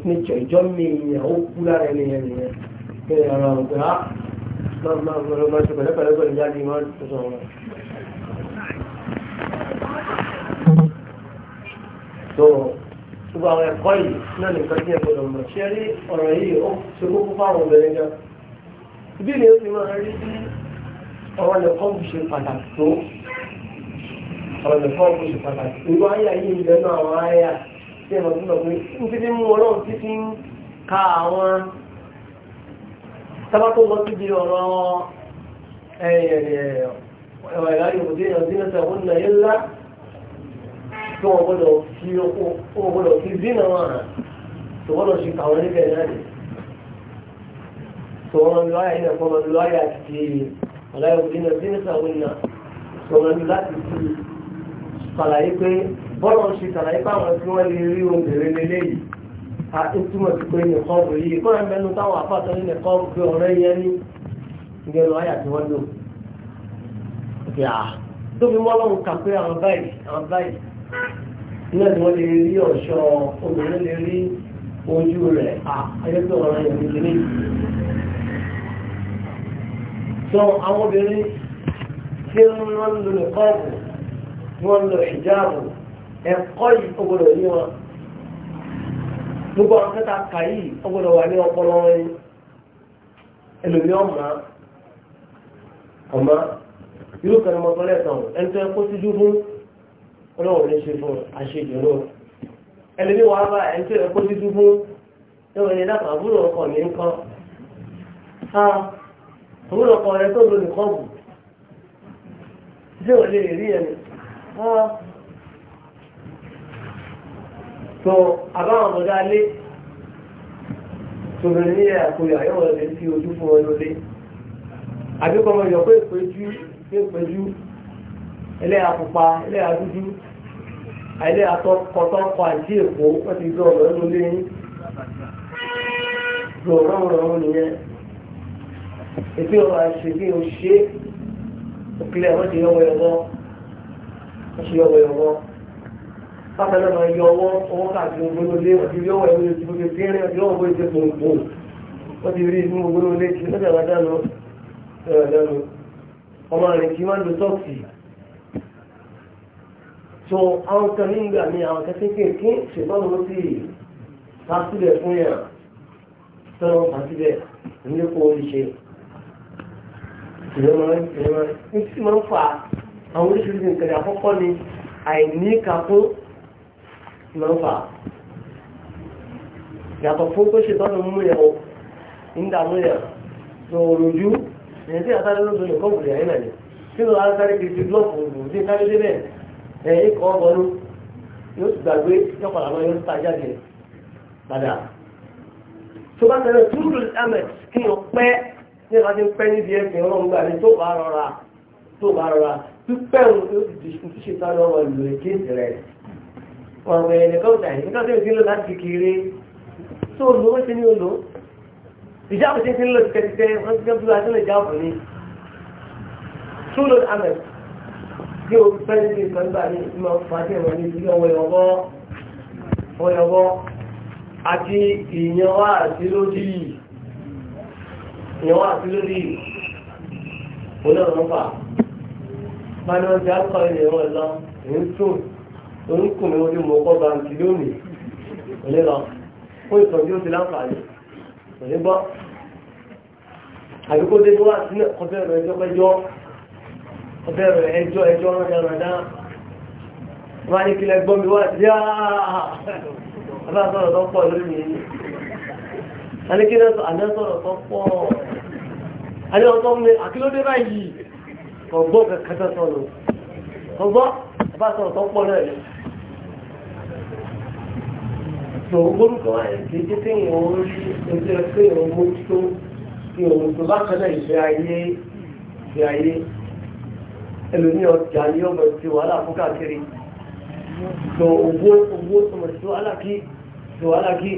nature ìjọ́nù yàn ó kú lára ẹni yẹn nìyẹn kí ni ara òun pé á ah, máa máa máa máa ṣe pẹ̀lẹ́pẹ̀lẹ́ pẹ̀lú jáde máa ń tó sọ̀rọ̀ tó gbogbo àwọn ẹ̀kọ́ yìí náà nìkan ni ó ti máa rí bí ọ̀rọ̀ nìkan ṣe pàtàkì tó ọ̀rọ̀ nìkan kò ṣe pàtàkì tó ayé ayé ìlẹ̀ àwọn ayé à ṣe é lọ́dún lọ́dún ní mú ọlọ́run títí ń ka àwọn sábàtò lọ síbi ọ̀rọ̀ ẹ̀rọ ìlànà ìbùdó èèyàn sínú sẹ́wọ́n náà yé ńlá wọ́n gbọ́dọ̀ fi owó gbọ́dọ̀ fi zínà wọn hàn tó gbọ́dọ̀ ṣe kàwọn níbẹ̀ náà ni. tòun lọ́yà aláyọ̀ òbí náà sínísà òun náà sọ̀rọ̀ ní láti fi ṣàlàyé pé bọ́lá ń ṣe ṣàlàyé pé àwọn tí wọ́n lè rí obìnrin lélẹ́yìí àti túmọ̀ sí pé nìkọ́ọ̀bù yìí kọ́ ẹ̀ mẹ́nu táwọn àfàtọ́ ní nìkọ́ọ̀bù pé ọ̀rẹ́ yẹn ní ìgbẹ́lu ayà tí wọ́n lò. tóbi mọ́ lọ́hùn kà pé àwọn báyìí àwọn báyìí nígbà tí wọ́n lè rí ọ̀ṣọ́ obìnrin lè rí ojú rẹ̀ àyẹ́pẹ́ so àwọn obìnrin tí wọ́n ń lo nìkọ́ọ̀bù tí wọ́n ń lo ìjáàbù ẹ̀kọ́ yìí ó gbọ́dọ̀ ní wọn gbogbo àwọn kẹta kà yìí ó gbọ́dọ̀ wà ní ọpọlọ wọn yìí ẹlòmí ọ̀ma ọ̀ma yóò kẹ́ni mọ tọ́lẹ̀ tán ẹni tó yẹ kó síjú fún ọlọ́run ní ṣe fún àṣejù náà ẹlòmí wàá bá ẹni tó yẹ kó síjú fún ẹ̀wọ̀n ẹni dàpọ̀ àbúrò ọkọ̀ ní nǹkan òun lọ kọ tó lò nìkan bù ṣé ò lè rí ẹni wọn àbáwọn ọmọdé alé tòun ní àkóyọ àyẹ̀wò rẹ fi ojú fún wọn lólé àbíkọ́ ọmọ ìyọ̀ pé ìpéjú pé ìpéjú ẹlẹ́yà àti èkó wọ́n ti gbé ọ̀rọ̀ lólé yín gbọ̀rọ̀ èpè ọmọ àṣegé o ṣe òkèlè àwọn ti yọwọ ẹwọ wọn ṣe yọwọ ẹwọ bákan náà máa yọ ọwọ́ ọwọ́ káàkiri ògbóló lé wọn ti yọwọ ẹwọ lójú gbogbo kéré wọn ti yọwọ ẹwọ lójú gbogbo wọn ti rí inú ògbóló lé kí lọ́jà máa dáná ẹ̀rọ dáná ọmọ rẹ̀ kì í máa lo sọ́ọ̀sì so àwọn kan ní ìgbà ni àwọn kẹ́kẹ́ kí ṣèbọ́n mo ti fásílẹ̀ fún yàn tọ́lọ́ fásílẹ̀ nílé kó o lè ṣe ìyẹn máa ń ìyẹn máa ń tí máa ń fa àwọn oríṣiríṣi nǹkan àkọ́kọ́ ni àìní kakún máa ń fa yàtọ̀ fún pé ṣe tọ́nu mú yẹn o ń dààmú yẹn tó rojú ẹ̀yìn tí àtàlẹ́ ló lè kọ́kùn yẹn náà ni kí ló ara sáré kìí ti blọ́ọ̀kù òògùn tí ká lédè bẹ́ẹ̀ ẹ̀yìn ikọ̀ ọgbọ́nú yóò ti gbàgbé yọ̀pọ̀ làwọn yóò ta jáde padà tó bá tẹ̀lé túrú amẹ̀ kí n pẹ́ ní ìlànà tí pẹ́ níbi ẹ̀sìn ọlọ́run gbà ní tó bá rọra tó bá rọra pípẹ́ òun tó ti dìṣù tó ṣe sáré ọmọ ìlú èkéèsì rẹ̀ ọ̀rọ̀ ẹ̀yẹ̀ nìkan ọ̀tà yìí nìkan tó ti ń lò láti kékeré tó lò ó ti ní olò ìjà kò ti ń lò tìkẹ́tìkẹ́ wọ́n ti gbẹ́bí àti ìjà ọ̀pọ̀ ni tó lò amẹ̀ tí o pẹ́ níbi ìkan gbà ní ìmọ̀ fàájì ẹ̀wọ̀n ní ìdílé ọwọ́ ẹ̀wọ́ àti ìyẹn wá àti lójú yìí ìyàwó àti lórí olóòrùn fà báyìí wọn akọ ilé wọn lọ èyí tó orúkọ mi wọlé mọ ọkọ báńkì lónìí òní lọ fún ìtọ́jú òsì láǹfààní òní gbọ́ àbíkó dé tó wà sílẹ̀ kọfẹ́ rẹ ẹjọ́ pẹ́jọ́ kọfẹ́ rẹ ẹjọ́ ẹjọ́ rẹ̀ rẹ̀ náà wọ́n ní kílẹ̀ gbọ́ mi wá sí àbá sọ̀rọ̀ tó pọ̀ lónìí. alẹ́ kílẹ̀ sọ̀rọ̀ tó pọ̀ àti ọ̀tọ́ mi àkílódé báyìí ọgbọ́ kẹta sọ̀nù ọgbọ́ bá sọ̀rọ̀ tó pọ̀ náà ni tó gbórúkọ àìkéjé tí wọ́n rí ojú ẹgbẹ́ ìwọ̀n mójútó tí òun tó bá kan náà ìfẹ́ ayé ìfẹ́ ayé ẹlòmí ọjà ni ọmọ ti wàhálà fún káàkiri tó owó owó tó mọ̀ sí wàhálà kí tó wàhálà kí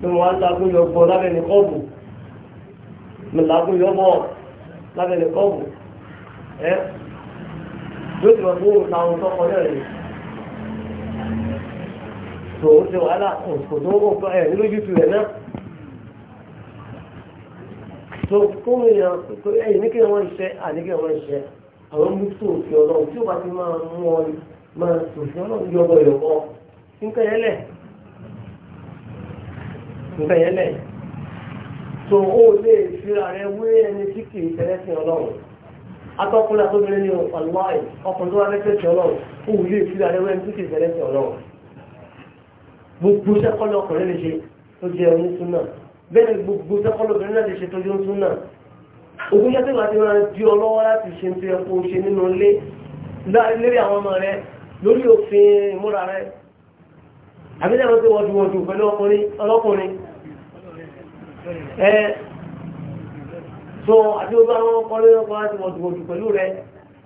tó wọ́n á yọ gbọ́ lábẹ́ ní kọ́ọ̀bù lọ́gbọ́n yóò bọ̀ lábẹ́lẹ̀ kọ́ọ̀bù ẹ́ yóò ti wọ́n tó làwọn tó kọjá rẹ̀ tó o ṣe wàhálà kò tó o kọ ẹ̀ nínú youtube rẹ̀ náà tó fún èèyàn tó ẹ̀yìn ní kí wọ́n ṣe àníkí wọ́n ṣe àwọn mú tó òfin ọlọ́run tí ó bá ti máa mú ọ máa tòfin ọlọ́run yọ̀bọ̀ yọ̀bọ̀ nǹkan yẹn lẹ̀ nǹkan yẹn lẹ̀ tó o lè fi ààrẹ wé ẹni tí kì í tẹ̀lé sí ọlọ́run atọ́kùnrin àtọ́bìnrin ni ọ̀pọ̀lọ́ì ọkùnrin tó wá lẹ́sẹ̀ sí ọlọ́run o lè fi ààrẹ wé ẹni tí kì í tẹ̀lé sí ọlọ́run gbogbo sẹ́kọ́lọ́ ọkùnrin lè ṣe tó jẹ́ oní súnà bẹ́ẹ̀ gbogbo sẹ́kọ́lọ́ obìnrin náà lè ṣe tó jẹ́ oní súnà ogun jẹ́ pẹ̀lú àti máa di ọlọ́wọ́ láti ṣe ń fi ẹ̀kọ́ ṣe nínú ilé lórí àwọn ọmọ rẹ lórí òfin ìmúra rẹ àbílẹ̀ wọn ti wọ́dùwọ́dù pẹ̀lú ọkùnrin ọlọ́kùnrin ẹ so àti gbogbo àwọn ọkọ lórí ọkọ láti wọ́n dùgbòdù pẹ̀lú rẹ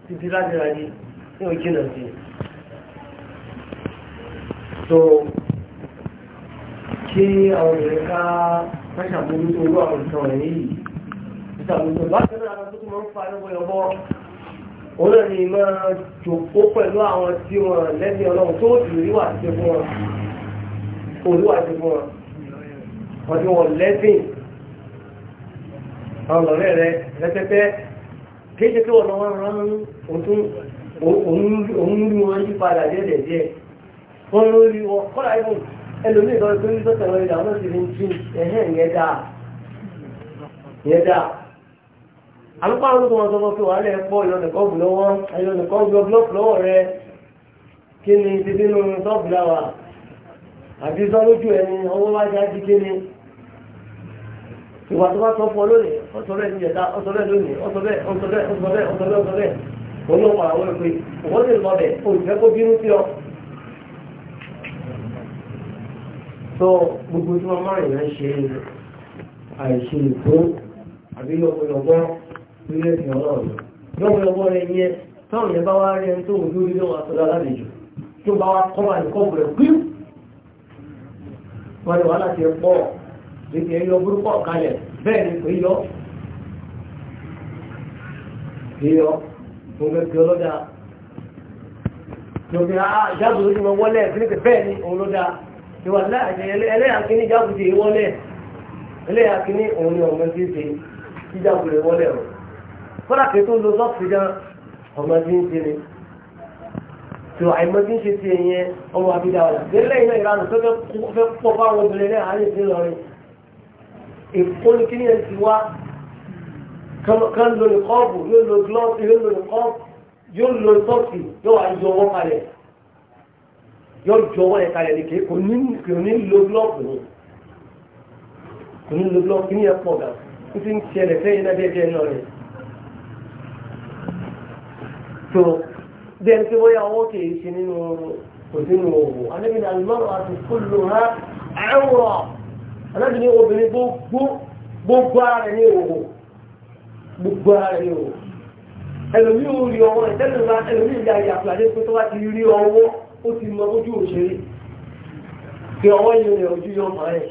títí láti rà ní ní òjì náà sí so kí àwọn obìnrin ká mẹ́sàmójútó owó àwọn ìtàn rẹ̀ yìí ìsàmójútó bákan náà àwọn tó máa ń fa ẹgbẹ́ ọgbọ́ òun náà ni máa jòkó pẹ̀lú àwọn tí wọ́n lẹ́bí ọlọ́run tó ìríwà ti fún wọn wọ́n tí lẹ́sìn àwọn rẹ lẹ́pẹ́pẹ́ kéèké tí wọ́n wọ́n rán òun rí wọn yí padà díẹ̀ díẹ̀ wọ́n wọn kọ́lá fún wa lẹ́ pọ̀ bù lọ́wọ́ ìyọ̀nìkan bù blọ́ọ̀kì lọ́wọ́ rẹ kí ni ti nínú sọ́ọ̀bù láwà àbí sọ́lójú ẹni ọwọ́ wájá kí ni ìwà tó bá sọ fún ọ lónìí ọsọ bẹ́ẹ̀ ní lónìí ọsọ bẹ́ẹ̀ ọsọ bẹ́ẹ̀ ọsọ bẹ́ẹ̀ ọsọ bẹ́ẹ̀ ọsọ bẹ́ẹ̀ òun ló pàrọ̀ wọlé pé òun lè lọ gbogbo tí wọn máa yàn ṣe àìṣe ìkó àbí yọkọyọkọ nílé ìsìn Ọlọ́run yọkọyọkọ rẹ yẹn táwọn yẹn bá wá rí ẹni tó ń lórí lọ́wọ́ àtọ́lá lálejò tó bá wá kọ́ wà ní kọ́ọ̀bù rẹ̀ píú wọ́n ní wàhálà ti pọ̀ èyí ẹ̀yọ burúkọ kalẹ̀ bẹ́ẹ̀ ni pé yọ yíyọ mo fẹ́ kí tó fi hàn ah, ah, ló ti mọ wọlé ẹ̀sìn bẹ́ẹ̀ ni òun ló dá ìwà ẹlẹ́yà kìíní jáàbù ń ṣe ti ẹ̀yẹn ọmọ àbídáwọ̀lá lẹ́yìn náà tó fẹ́ pọ̀ fáwọn obìnrin náà á lè ìkóni kí ni ẹ ti wá kan lo ní kọ́ọ̀bù yóò lo glọ́ọ̀sì yóò lo ní kọ́ọ̀bù yóò lo sọ́ọ̀sì yóò wá yọ ọwọ́ kalẹ̀ yóò jọ ọwọ́ yẹn kalẹ̀ nìkan kò ní kò ní lo glọ́ọ̀bù ni kò ní lo glọ́ọ̀bù kí ni ẹ pọ̀ gan kó ti ń ṣẹlẹ̀ fẹ́yìn náà bẹ́ẹ̀ bẹ́ẹ̀ náà rẹ̀ tó bẹ́ẹ̀ tí wọ́n yà wọ́n kì ṣe nínú kò sínú òwò alẹ́ aláàbí ní obìnrin gbogbo ara rẹ̀ ní òwò gbogbo ara rẹ̀ ní òwò ẹlòmí ò rí ọwọ́ rẹ̀ tẹ́lẹ̀ máa ẹlòmí ìyá ìyá fúlàdé pé tó bá ti rí ọwọ́ ó ti mọ ojú òṣèré pé ọwọ́ yìí rẹ̀ ojú yọ mọ́ rẹ̀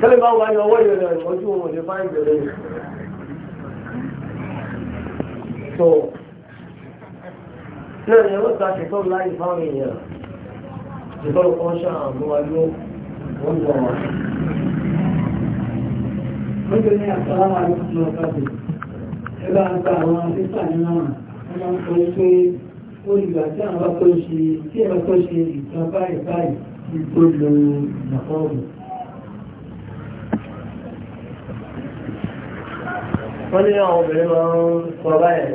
tẹ́lẹ̀ máa wà ní ọwọ́ yìí rẹ̀ ojú òun lè fáìn bẹ̀rẹ̀ rẹ̀ tó náà ni ẹ̀rọ ìgbà ṣètọ́ láyé fáwọn èèyàn ṣètọ́ lọ́kọ́ ṣáà mú Mọ́jọ́ ní àtàlámà àríkùnlọ ọ̀pàdé, ẹgbà àgbà àwọn àríkà nínú àwọn ọmọ ń kọ́ pé ó ìgbà tí àwọn bá tó ṣe tí ẹ̀bá tó ṣe ìtàn báyìí báyìí ní tó lo ìgbàkọ́ọ̀bù. Wọ́n ní àwọn obìnrin máa ń sọ báyìí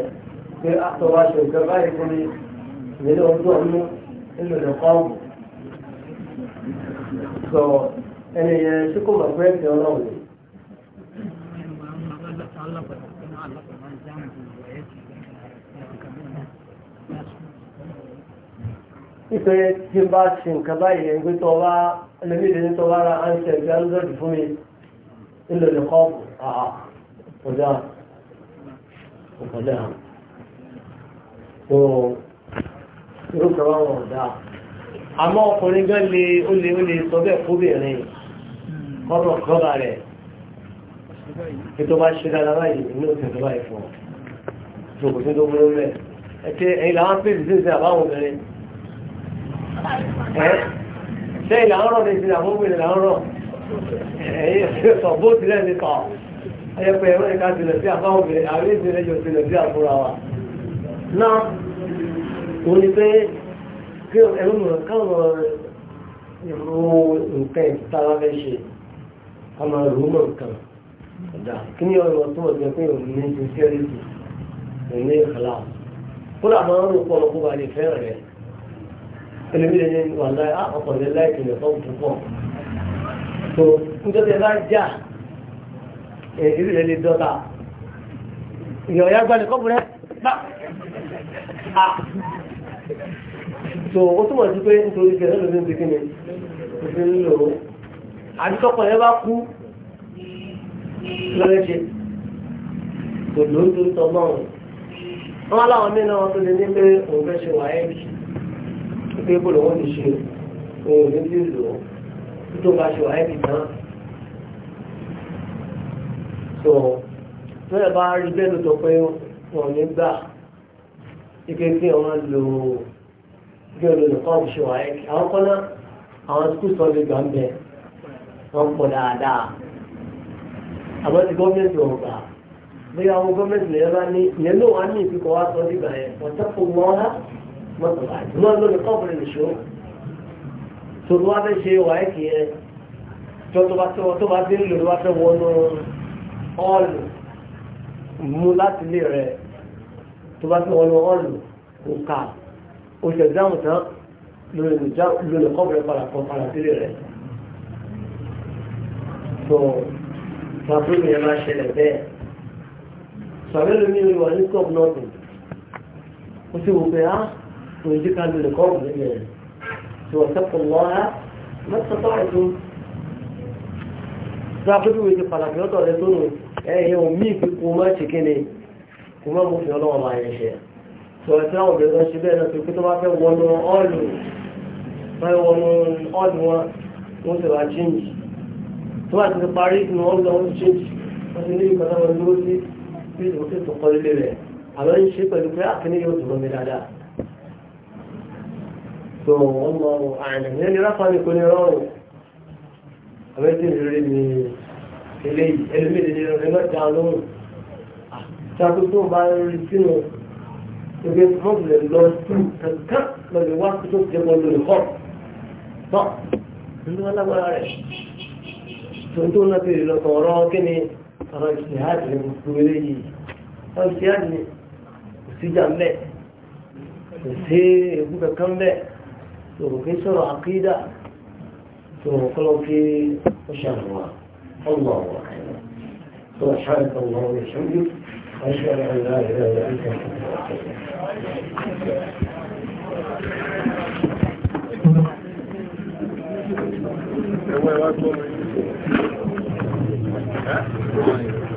pé àtọ̀wáṣe ìjọba ìkúni ìlú ọdún ọdún nínú ìdọ̀kọ́ọ̀bù sọ ẹni yẹn ṣé kò mọ̀ pé ẹ̀sìn ọlọ́run ni. nítorí tí bá ṣe nǹkan báyìí ẹ̀ ń gbé tọ́ wá ẹlẹ́mìlẹ́ ní tọ́ ra àǹṣẹ́ ìgbà ńlọ́dì fún mi ńlọ ní kọ́ọ̀pù àà kọjá kọjá tó irú kan wá wọn àmọ́ ọkùnrin gan lè ó lè ó lè sọ bẹ́ẹ̀ fóbìnrin kọ́rọ̀ kọ́ba rẹ̀ kí tó bá ṣe dáadáa báyìí inú òsìn tó báyìí fún ọ tó kò sí tó burú mẹ́ ẹ̀kẹ́ ẹ̀yìn làwọn pèsè sí ìsìn àbáwọn obìnrin ẹ̀ sẹ́yìn làwọn rọ̀ ní ìsìn àwọn obìnrin làwọn rọ̀ ẹ̀yìn sọ bó tilẹ̀ ní kọ́ ẹ̀rọ ìka tilẹ̀ sí àbáwọn obìnrin àwọn ìsìn ẹ̀jọ̀ tilẹ̀ sí àfúrà wa náà òní pé kí ẹ̀rù mọ̀ káwọn ìrò nǹkan ìtara fẹ́ ṣe ká máa rò mọ̀ nǹkan ọ̀dà kí ni ọ̀rọ̀ tó ọ̀dẹ̀ pé òun ní sincerity òun ní ìkàlà kódà máa ń rò pọ̀ ọkọ̀ bá lè fẹ́ rẹ̀ ẹlẹ́mìlẹ́ ní wà ah, láì ọkọ̀ lè láì kìlẹ̀ tó púpọ̀ tó nítorí ẹ bá jà ìrìlẹ̀ lè dọ́ta ìyọ̀ ya gbalẹ̀ kọ́ so ó túmọ̀ sí pé nítorí ìgbẹ́ lọ́dún ní bikini òfin nílò ó àdìsọ́kọ̀ yẹn bá kú lọ́rẹ́ ṣe kò ló ń torí tọ́gbọ́n wọn wọn aláwọn mí náà wọn tó lè ní pé òun fẹ́ ṣe wáyé pé bó lòun ti ṣe òun ní bí lò ó tó bá ṣe wáyé nìkan so bẹ́ẹ̀ bá rí bẹ́ẹ̀ lóòótọ́ pé wọn ní gbà ike kí wọn lò ó bí olùkọ́ ṣe wà ẹ́ àwọn kan náà àwọn skul sọ lè gbà ń bẹ wọ́n pọ̀ dáadáa àmọ́ ti gọ́ọ̀mẹ̀ntì ò gbà bóyá àwọn gọ́ọ̀mẹ̀ntì lè bá ní ìyẹn náà wà ní ìfikọ̀ wá sọ nígbà yẹn wọ́n tẹ́ fún wọn rá mọ́tò láti wọ́n lórí kọ́ọ̀bù lè ṣó tó wá fẹ́ ṣe wà ẹ́ kì í ẹ no ó ṣe ìdáhùn tán lórí kọ́bùrẹ́ padà kan padà sílé rẹ̀ tó pàtóbi yẹn máa ṣẹlẹ̀ bẹ́ẹ̀ sàbẹ́lẹ̀ mi ò wà ní kọ́bù náà tó ó sì wò pé á ah, kò ní ká lórí kọ́bù níbi rẹ̀ tó ọ̀sẹ̀kùn lọ́ra mẹ́tọ́tọ́ ẹ̀tún sáàpẹ́tù wèé ti pàtàkì lọ́tọ̀ rẹ̀ tó nù ẹ̀yẹ omi ìpínkù mọ́ ṣìkíni kò mọ́ mú fi ọlọ́wọ́ máa yẹ ṣe sọ̀rọ̀ tí àwọn obìnrin kan ṣe bẹ́ẹ̀ náà pé tó bá fẹ́ wọnú ọ́ọ̀lù fẹ́ wọnú ọ́ọ̀lù wọn wọ́n sì wá change tó bá ti ti parí inú ọ́ọ̀lù wọn ti change wọ́n ti ní ìgbà náà wọn dúró sí bí ìlú sì tó kọ́ lílé rẹ̀ àmọ́ ń ṣe pẹ̀lú pé àkíní ah, yóò dúró mi dáadáa. tó wọ́n mọ àrùn ní ẹni ráfà ní kò ní rọrùn àmọ́ tí ìrírí ni eléyìí ẹlòmíì lè ní ọ̀rẹ́ náà ebi mo lè lọ sí kankan lọ lè wá tó jẹ mọ lórí họ tọ nínú alágbára rẹ tòótọ́ náà ti lọ kọ ọ̀rọ̀ kíni ọ̀rọ̀ ìṣèhádì ní gbogbo eléyìí ọ̀rọ̀ ìṣèhádì ní kò síjà ń bẹ kò sí èkú kankan bẹ tòrò kí sọ̀rọ̀ àkídà tòrò kọlọ kí ó أشهد أن لا إله إلا أنت Thank you.